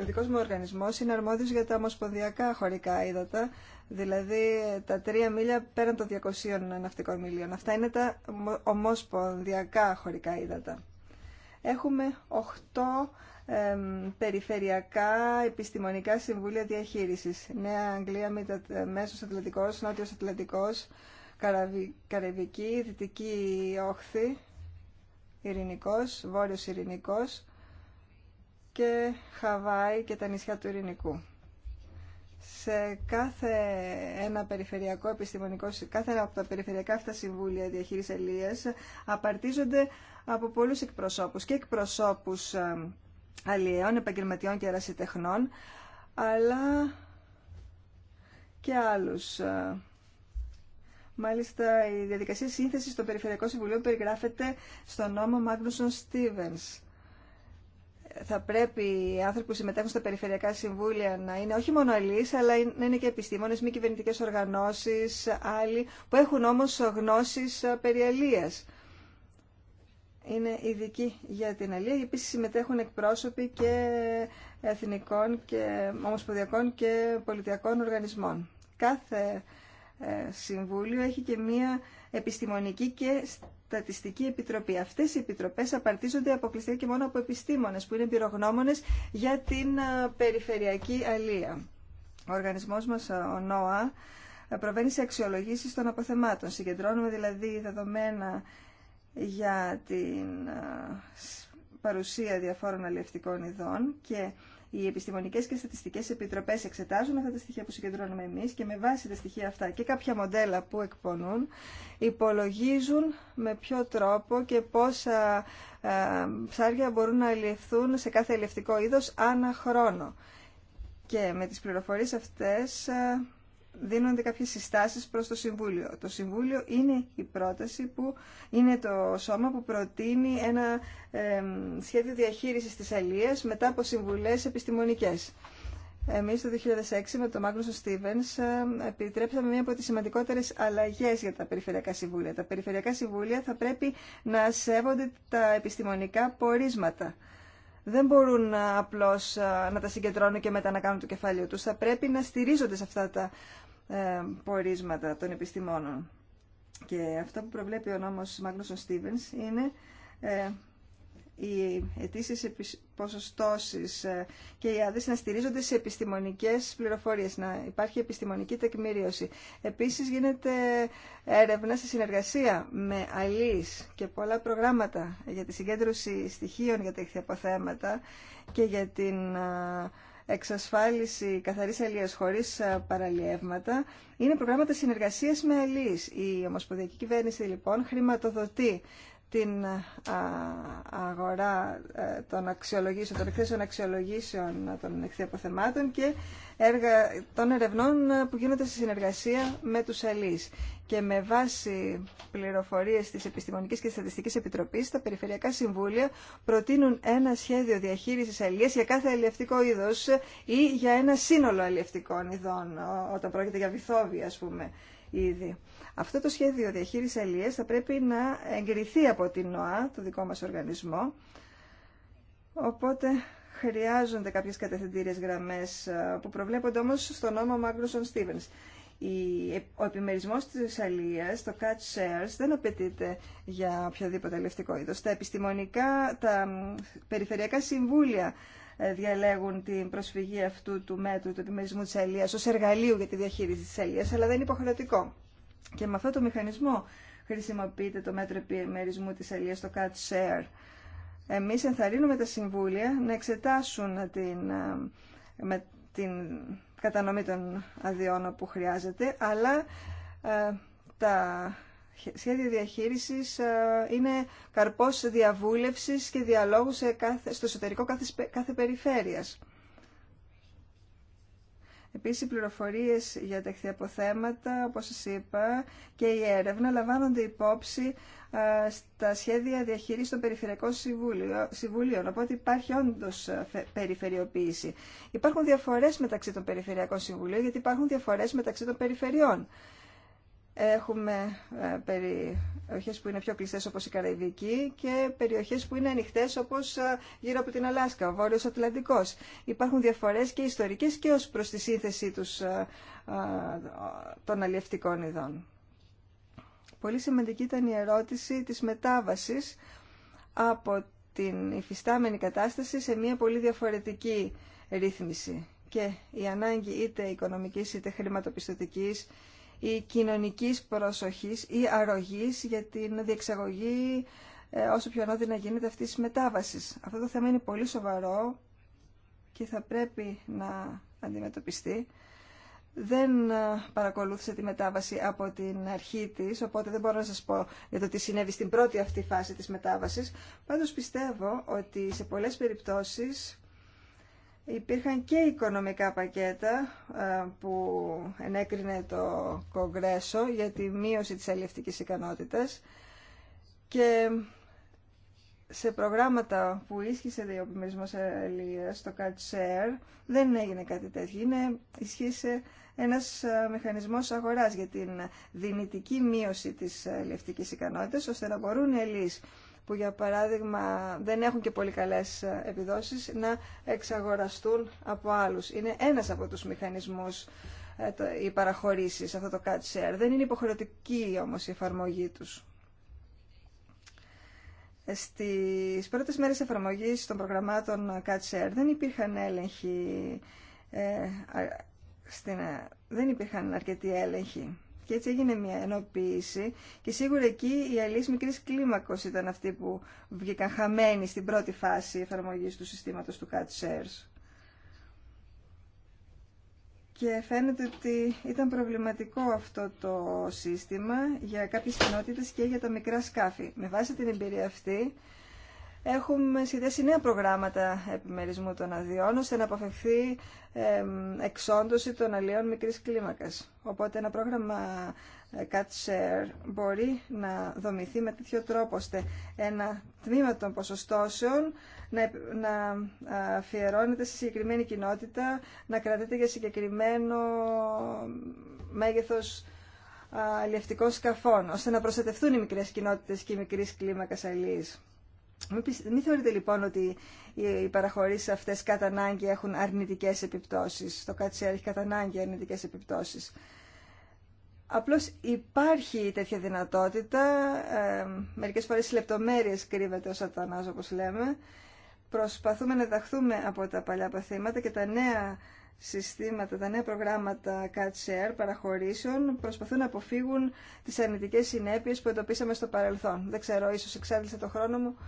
ο δικός μου οργανισμός, είναι αρμόδιος για τα ομοσπονδιακά χωρικά ύδατα, δηλαδή τα τρία μίλια πέραν των 200 ναυτικών μιλίων. Αυτά είναι τα ομοσπονδιακά χωρικά ύδατα. Έχουμε 8 περιφερειακά επιστημονικά συμβούλια διαχείρισης. Νέα Αγγλία, ε, Μέσος Ατλαντικό, Νότιος Καραβι... Καραβική, Δυτική Όχθη, Ειρηνικός, Βόρειος Ειρηνικός, και Χαβάη και τα νησιά του Ειρηνικού. Σε κάθε ένα περιφερειακό επιστημονικό, κάθε ένα από τα περιφερειακά αυτά συμβούλια διαχείρισης ελίας απαρτίζονται από πολλούς εκπροσώπους και εκπροσώπους αλλιέων, επαγγελματιών και ερασιτεχνών, αλλά και άλλους. Ε. Μάλιστα, η διαδικασία σύνθεσης των Περιφερειακών Συμβουλίων περιγράφεται στο νόμο Μάγνουσον Στίβενς θα πρέπει οι άνθρωποι που συμμετέχουν στα περιφερειακά συμβούλια να είναι όχι μόνο αλληλείς, αλλά να είναι και επιστήμονες, μη κυβερνητικέ οργανώσεις, άλλοι που έχουν όμως γνώσεις περί Είναι ειδικοί για την αλία. Επίση συμμετέχουν εκπρόσωποι και εθνικών και ομοσπονδιακών και πολιτιακών οργανισμών. Κάθε ε, συμβούλιο έχει και μία Επιστημονική και Στατιστική Επιτροπή. Αυτές οι επιτροπές απαρτίζονται αποκλειστικά και μόνο από επιστήμονες που είναι πυρογνώμονε για την περιφερειακή αλία. Ο οργανισμό μας, ο ΝΟΑ, προβαίνει σε αξιολογήσει των αποθεμάτων. Συγκεντρώνουμε δηλαδή δεδομένα για την παρουσία διαφόρων αλληλευτικών ειδών και οι επιστημονικές και στατιστικές επιτροπέ εξετάζουν αυτά τα στοιχεία που συγκεντρώνουμε εμείς και με βάση τα στοιχεία αυτά και κάποια μοντέλα που εκπονούν υπολογίζουν με ποιο τρόπο και πόσα ε, ψάρια μπορούν να ελευθούν σε κάθε ελευθερικό είδος ανά χρόνο. Και με τις πληροφορίες αυτές ε, δίνονται κάποιες συστάσεις προς το Συμβούλιο. Το Συμβούλιο είναι η πρόταση που είναι το σώμα που προτείνει ένα ε, σχέδιο διαχείρισης τη αλίας μετά από συμβουλές επιστημονικές. Εμείς το 2006 με τον Μάγνουσο Στίβενς επιτρέψαμε μία από τις σημαντικότερες αλλαγές για τα περιφερειακά συμβούλια. Τα περιφερειακά συμβούλια θα πρέπει να σέβονται τα επιστημονικά πορίσματα δεν μπορούν απλώς να τα συγκεντρώνουν και μετά να κάνουν το κεφάλαιο τους. Θα πρέπει να στηρίζονται σε αυτά τα ε, πορίσματα των επιστημόνων. Και αυτό που προβλέπει ο νόμος Μάγνουσον Στίβενς είναι ε, οι αιτήσει ποσοστώσει ε, και οι άδειε να στηρίζονται σε επιστημονικέ πληροφορίε, να υπάρχει επιστημονική τεκμηρίωση. Επίση, γίνεται έρευνα σε συνεργασία με αλληλεί και πολλά προγράμματα για τη συγκέντρωση στοιχείων για τα ηχθιαποθέματα και για την ε, εξασφάλιση καθαρή αλληλεία χωρίς ε, παραλιεύματα είναι προγράμματα συνεργασία με αλίες. Η Ομοσπονδιακή Κυβέρνηση λοιπόν χρηματοδοτεί την αγορά ε, των αξιολογήσεων, των εκθέσεων αξιολογήσεων των και έργα των ερευνών ε, που γίνονται σε συνεργασία με τους αλείς. Και με βάση πληροφορίες της Επιστημονικής και της Στατιστικής Επιτροπής, τα Περιφερειακά Συμβούλια προτείνουν ένα σχέδιο διαχείρισης αλίας για κάθε αλλιευτικό είδος ή για ένα σύνολο αλληλευτικών ειδών, όταν πρόκειται για βυθόβια, ας πούμε, είδη. Αυτό το σχέδιο διαχείριση αλληλεία θα πρέπει να εγκριθεί από την ΝΟΑ, το δικό μα οργανισμό. Οπότε χρειάζονται κάποιε κατευθυντήριε γραμμέ ε, που προβλέπονται όμω στο νόμο Μάγκρουσον Στίβεν. Ο επιμερισμό τη αλληλεία, το catch shares, δεν απαιτείται για οποιοδήποτε ελευτικό είδο. Τα επιστημονικά, τα περιφερειακά συμβούλια ε, διαλέγουν την προσφυγή αυτού του μέτρου του επιμερισμού της αλλήλειας ως εργαλείο για τη διαχείριση της αλίας, αλλά δεν είναι υποχρεωτικό. Και με αυτό το μηχανισμό χρησιμοποιείται το μέτρο επιμερισμού της αλίας, το cut share. Εμείς ενθαρρύνουμε τα συμβούλια να εξετάσουν την, ε, με την κατανομή των αδειών που χρειάζεται, αλλά ε, τα σχέδια διαχείρισης ε, είναι καρπός διαβούλευσης και διαλόγου σε κάθε, στο εσωτερικό κάθε, κάθε περιφέρειας. Επίσης, οι πληροφορίες για τα χθιαποθέματα, όπως σας είπα, και η έρευνα λαμβάνονται υπόψη στα σχέδια διαχείρισης των περιφερειακών συμβουλίων. Οπότε υπάρχει όντως περιφερειοποίηση. Υπάρχουν διαφορές μεταξύ των περιφερειακών συμβουλίων, γιατί υπάρχουν διαφορές μεταξύ των περιφερειών. Έχουμε ε, περιοχές που είναι πιο κλειστές όπως η Καραϊβική και περιοχές που είναι ανοιχτές όπως ε, γύρω από την Αλάσκα, ο Βόρειος Ατλαντικός. Υπάρχουν διαφορές και ιστορικές και ως προς τη σύνθεσή τους ε, των αλλιευτικών ειδών. Πολύ σημαντική ήταν η ερώτηση της μετάβασης από την υφιστάμενη κατάσταση σε μια πολύ διαφορετική ρύθμιση. Και η ανάγκη είτε οικονομικής είτε χρηματοπιστωτικής ή κοινωνικής προσοχής ή αρρωγής για την διεξαγωγή ε, όσο πιο ανώδυνα γίνεται αυτής της μετάβασης. Αυτό το θέμα είναι πολύ σοβαρό και θα πρέπει να αντιμετωπιστεί. Δεν ε, παρακολούθησε τη μετάβαση από την αρχή της, οπότε δεν μπορώ να σας πω για το τι συνέβη στην πρώτη αυτή φάση της μετάβασης. Πάντως πιστεύω ότι σε πολλές περιπτώσεις Υπήρχαν και οικονομικά πακέτα ε, που ενέκρινε το Κογκρέσο για τη μείωση της αλληλευτικής ικανότητας και σε προγράμματα που ίσχυσε ο πλημμυρισμός αλληλείας, το Card δεν έγινε κάτι τέτοιο. Είναι, ισχύσε ένας ε, μηχανισμός αγοράς για την δυνητική μείωση της αλληλευτικής ικανότητας, ώστε να μπορούν οι που για παράδειγμα δεν έχουν και πολύ καλές ε, επιδόσεις να εξαγοραστούν από άλλους. Είναι ένας από τους μηχανισμούς ε, οι παραχωρήσεις, αυτό το cut share. Δεν είναι υποχρεωτική όμως η εφαρμογή τους. Ε, στις πρώτες μέρες εφαρμογής των προγραμμάτων cut share δεν υπήρχαν έλεγχοι, ε, στην, δεν υπήρχαν αρκετοί έλεγχοι και έτσι έγινε μια ενοποίηση και σίγουρα εκεί η αλληλείς μικρή κλίμακο ήταν αυτή που βγήκαν χαμένοι στην πρώτη φάση εφαρμογής του συστήματος του cut Shares. Και φαίνεται ότι ήταν προβληματικό αυτό το σύστημα για κάποιες κοινότητες και για τα μικρά σκάφη. Με βάση την εμπειρία αυτή, έχουμε συνδέσει νέα προγράμματα επιμερισμού των αδειών, ώστε να αποφευθεί εξόντωση των αλλιών μικρής κλίμακας. Οπότε ένα πρόγραμμα ε, cut share μπορεί να δομηθεί με τέτοιο τρόπο, ώστε ένα τμήμα των ποσοστώσεων να, να ε, αφιερώνεται σε συγκεκριμένη κοινότητα, να κρατείται για συγκεκριμένο μέγεθος αλλιευτικών σκαφών, ώστε να προστατευτούν οι μικρές κοινότητες και οι μικρής κλίμακας αλλιείς. Μην θεωρείτε λοιπόν ότι οι παραχωρήσεις αυτές κατά ανάγκη έχουν αρνητικές επιπτώσεις. Το κάτσερι έχει κατά ανάγκη αρνητικές επιπτώσεις. Απλώς υπάρχει τέτοια δυνατότητα, ε, μερικές φορές οι λεπτομέρειες κρύβεται ο σατανάς όπως λέμε. Προσπαθούμε να δαχθούμε από τα παλιά παθήματα και τα νέα συστήματα, τα νέα προγράμματα cut-share, παραχωρήσεων προσπαθούν να αποφύγουν τις αρνητικές συνέπειες που εντοπίσαμε στο παρελθόν. Δεν ξέρω, ίσως εξάντλησα το χρόνο μου.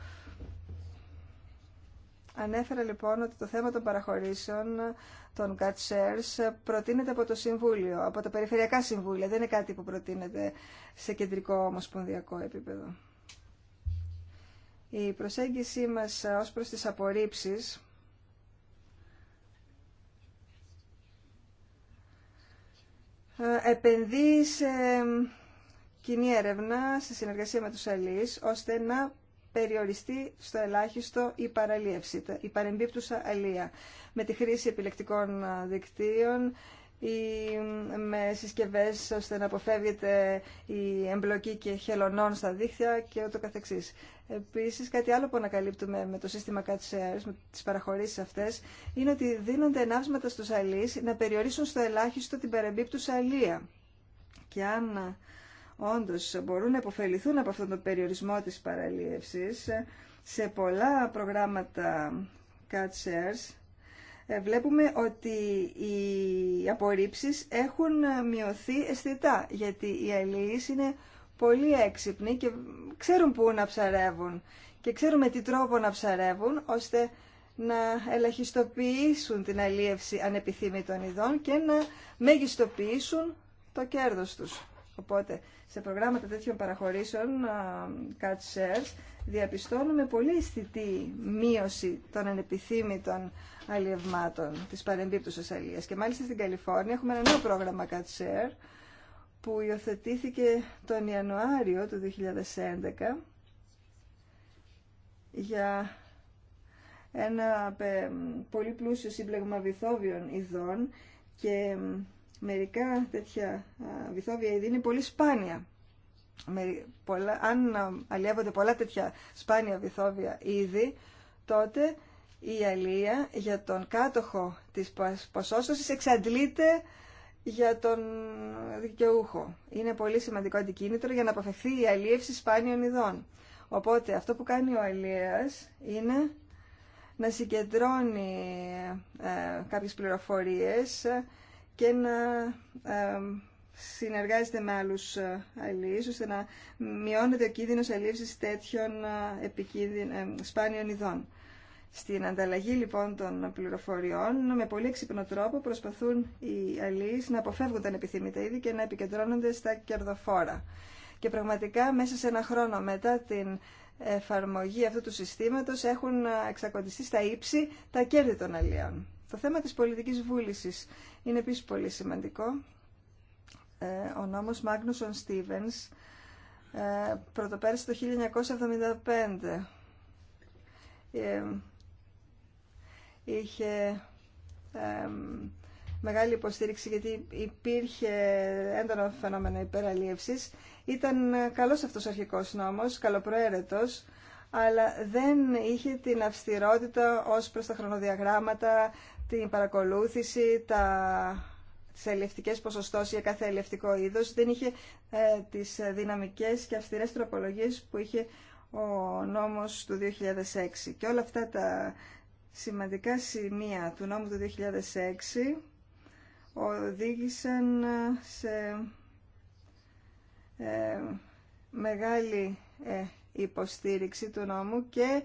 Ανέφερα λοιπόν ότι το θέμα των παραχωρήσεων των cut shares προτείνεται από το Συμβούλιο, από τα Περιφερειακά Συμβούλια. Δεν είναι κάτι που προτείνεται σε κεντρικό ομοσπονδιακό επίπεδο. Η προσέγγιση μας ως προς τις απορρίψεις Ε, επενδύει σε κοινή έρευνα, σε συνεργασία με τους αλείς, ώστε να περιοριστεί στο ελάχιστο η παραλίευση, η παρεμπίπτουσα αλία, με τη χρήση επιλεκτικών ε, δικτύων, ή με συσκευές ώστε να αποφεύγεται η εμπλοκή και χελωνών στα δίχτυα και ούτω καθεξής. Επίσης, κάτι άλλο που ανακαλύπτουμε με το σύστημα cut shares, με τις παραχωρήσεις αυτές, είναι ότι δίνονται ενάψματα στους αλείς να περιορίσουν στο ελάχιστο την παρεμπίπτουσα αλεία. Και αν όντως μπορούν να υποφεληθούν από αυτόν τον περιορισμό της παραλίευσης, σε πολλά προγράμματα cut shares, ε, βλέπουμε ότι οι απορρίψεις έχουν ε, μειωθεί αισθητά, γιατί οι αλληλείς είναι πολύ έξυπνοι και ξέρουν πού να ψαρεύουν και ξέρουμε τι τρόπο να ψαρεύουν, ώστε να ελαχιστοποιήσουν την αλίευση ανεπιθύμητων ειδών και να μεγιστοποιήσουν το κέρδος τους. Οπότε, σε προγράμματα τέτοιων παραχωρήσεων, cut shares, διαπιστώνουμε πολύ αισθητή μείωση των ανεπιθύμητων αλλιευμάτων της παρεμπίπτουσας αλλίας. Και μάλιστα στην Καλιφόρνια έχουμε ένα νέο πρόγραμμα cut share, που υιοθετήθηκε τον Ιανουάριο του 2011 για ένα πολύ πλούσιο σύμπλεγμα βυθόβιων ειδών και μερικά τέτοια βυθόβια είδη είναι πολύ σπάνια. Με αν αλλιεύονται πολλά τέτοια σπάνια βυθόβια είδη, τότε η αλία για τον κάτοχο της ποσόστοσης εξαντλείται για τον δικαιούχο. Είναι πολύ σημαντικό αντικίνητρο για να αποφευθεί η αλλίευση σπάνιων ειδών. Οπότε αυτό που κάνει ο αλίας είναι να συγκεντρώνει ε, κάποιες πληροφορίες και να συνεργάζεται με άλλους ε, αλληλείς, ώστε να μειώνεται ο κίνδυνος αλλήλευσης τέτοιων ε, ε, σπάνιων ειδών. Στην ανταλλαγή λοιπόν των πληροφοριών, με πολύ έξυπνο τρόπο προσπαθούν οι αλληλείς να αποφεύγουν τα ανεπιθυμητά είδη και να επικεντρώνονται στα κερδοφόρα. Και πραγματικά μέσα σε ένα χρόνο μετά την εφαρμογή αυτού του συστήματος έχουν εξακοντιστεί στα ύψη τα κέρδη των αλλιών. Το θέμα της πολιτικής βούλησης είναι επίσης πολύ σημαντικό. Ε, ο νόμος Μάγνουσον Στίβενς ε, πρωτοπέρασε το 1975. Ε, είχε μεγάλη υποστήριξη γιατί υπήρχε έντονο φαινόμενο υπεραλίευσης. Ήταν καλός αυτός ο αρχικός νόμος, καλοπροαίρετος, αλλά δεν είχε την αυστηρότητα ως προς τα χρονοδιαγράμματα, την παρακολούθηση, τα, τις πως ποσοστώσεις για κάθε ελευτικό είδος, δεν είχε ε, τις δυναμικές και αυστηρές τροπολογίες που είχε ο νόμος του 2006. Και όλα αυτά τα σημαντικά σημεία του νόμου του 2006 οδήγησαν σε ε, μεγάλη ε, υποστήριξη του νόμου και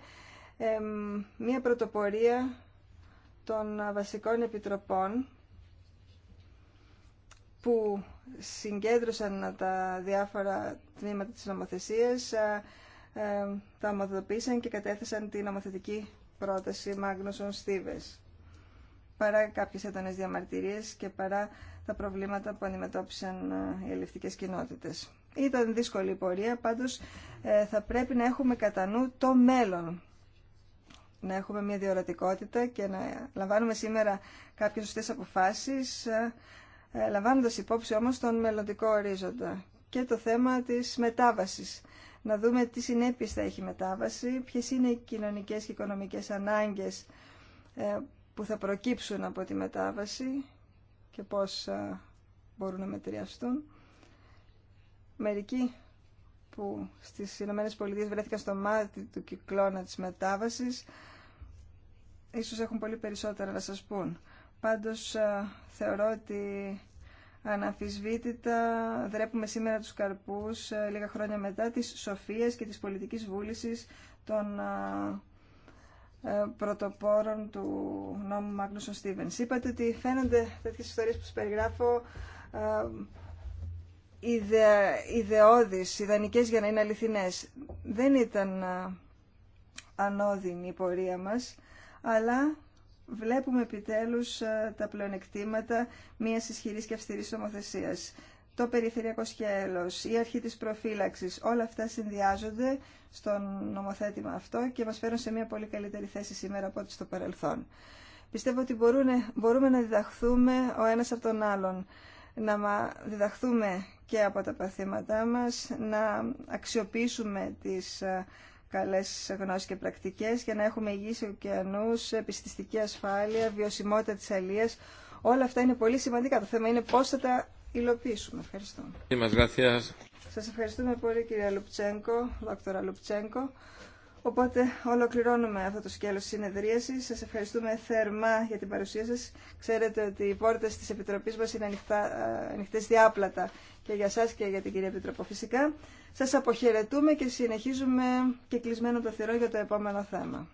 μία πρωτοπορία των βασικών επιτροπών που συγκέντρωσαν τα διάφορα τμήματα της νομοθεσίας, ε, ε, τα ομοδοποίησαν και κατέθεσαν την νομοθετική πρόταση Μάγνουσον Στίβες παρά κάποιες έντονες διαμαρτυρίες και παρά τα προβλήματα που αντιμετώπισαν ε, οι ελληνικές κοινότητες. Ήταν δύσκολη η πορεία, πάντως θα πρέπει να έχουμε κατά νου το μέλλον να έχουμε μια διορατικότητα και να λαμβάνουμε σήμερα κάποιες σωστές αποφάσεις, ε, ε, λαμβάνοντας υπόψη όμως τον μελλοντικό ορίζοντα και το θέμα της μετάβασης. Να δούμε τι συνέπειες θα έχει η μετάβαση, ποιες είναι οι κοινωνικές και οικονομικές ανάγκες ε, που θα προκύψουν από τη μετάβαση και πώς μπορούν να μετριαστούν. Μερικοί που στις Ηνωμένε Πολιτείες βρέθηκαν στο μάτι του κυκλώνα της μετάβασης ίσως έχουν πολύ περισσότερα να σας πούν. Πάντως ε, θεωρώ ότι αναφυσβήτητα δρέπουμε σήμερα τους καρπούς ε, λίγα χρόνια μετά της σοφίας και της πολιτικής βούλησης των ε, πρωτοπόρων του νόμου Μάγνουσον Στίβενς. Είπατε ότι φαίνονται τέτοιες ιστορίες που σας περιγράφω ιδε, ιδεώδεις, ιδανικές για να είναι αληθινές. Δεν ήταν ανώδυνη η πορεία μας αλλά βλέπουμε επιτέλους ε, τα πλεονεκτήματα μιας ισχυρής και αυστηρής ομοθεσίας. Το περιφερειακό σχέλο, η αρχή της προφύλαξης, όλα αυτά συνδυάζονται στο νομοθέτημα αυτό και μας φέρουν σε μια πολύ καλύτερη θέση σήμερα από ό,τι στο παρελθόν. Πιστεύω ότι μπορούμε, να διδαχθούμε ο ένας από τον άλλον, να διδαχθούμε και από τα παθήματά μας, να αξιοποιήσουμε τις ε, καλές γνώσεις και πρακτικές για να έχουμε υγιείς ωκεανούς, επιστηστική ασφάλεια, βιωσιμότητα της αλίας. Όλα αυτά είναι πολύ σημαντικά. Το θέμα είναι πώς θα τα υλοποιήσουμε. Ευχαριστώ. Σας ευχαριστούμε πολύ κυρία Λουπτσέγκο, δόκτωρα Λουπτσέγκο. Οπότε ολοκληρώνουμε αυτό το σκέλος της συνεδρίασης. Σας ευχαριστούμε θερμά για την παρουσία σας. Ξέρετε ότι οι πόρτες της Επιτροπής μας είναι ανοιχτά, ε, ανοιχτές διάπλατα και για σας και για την κυρία Επιτροπό φυσικά. Σας αποχαιρετούμε και συνεχίζουμε και κλεισμένο το θηρό για το επόμενο θέμα.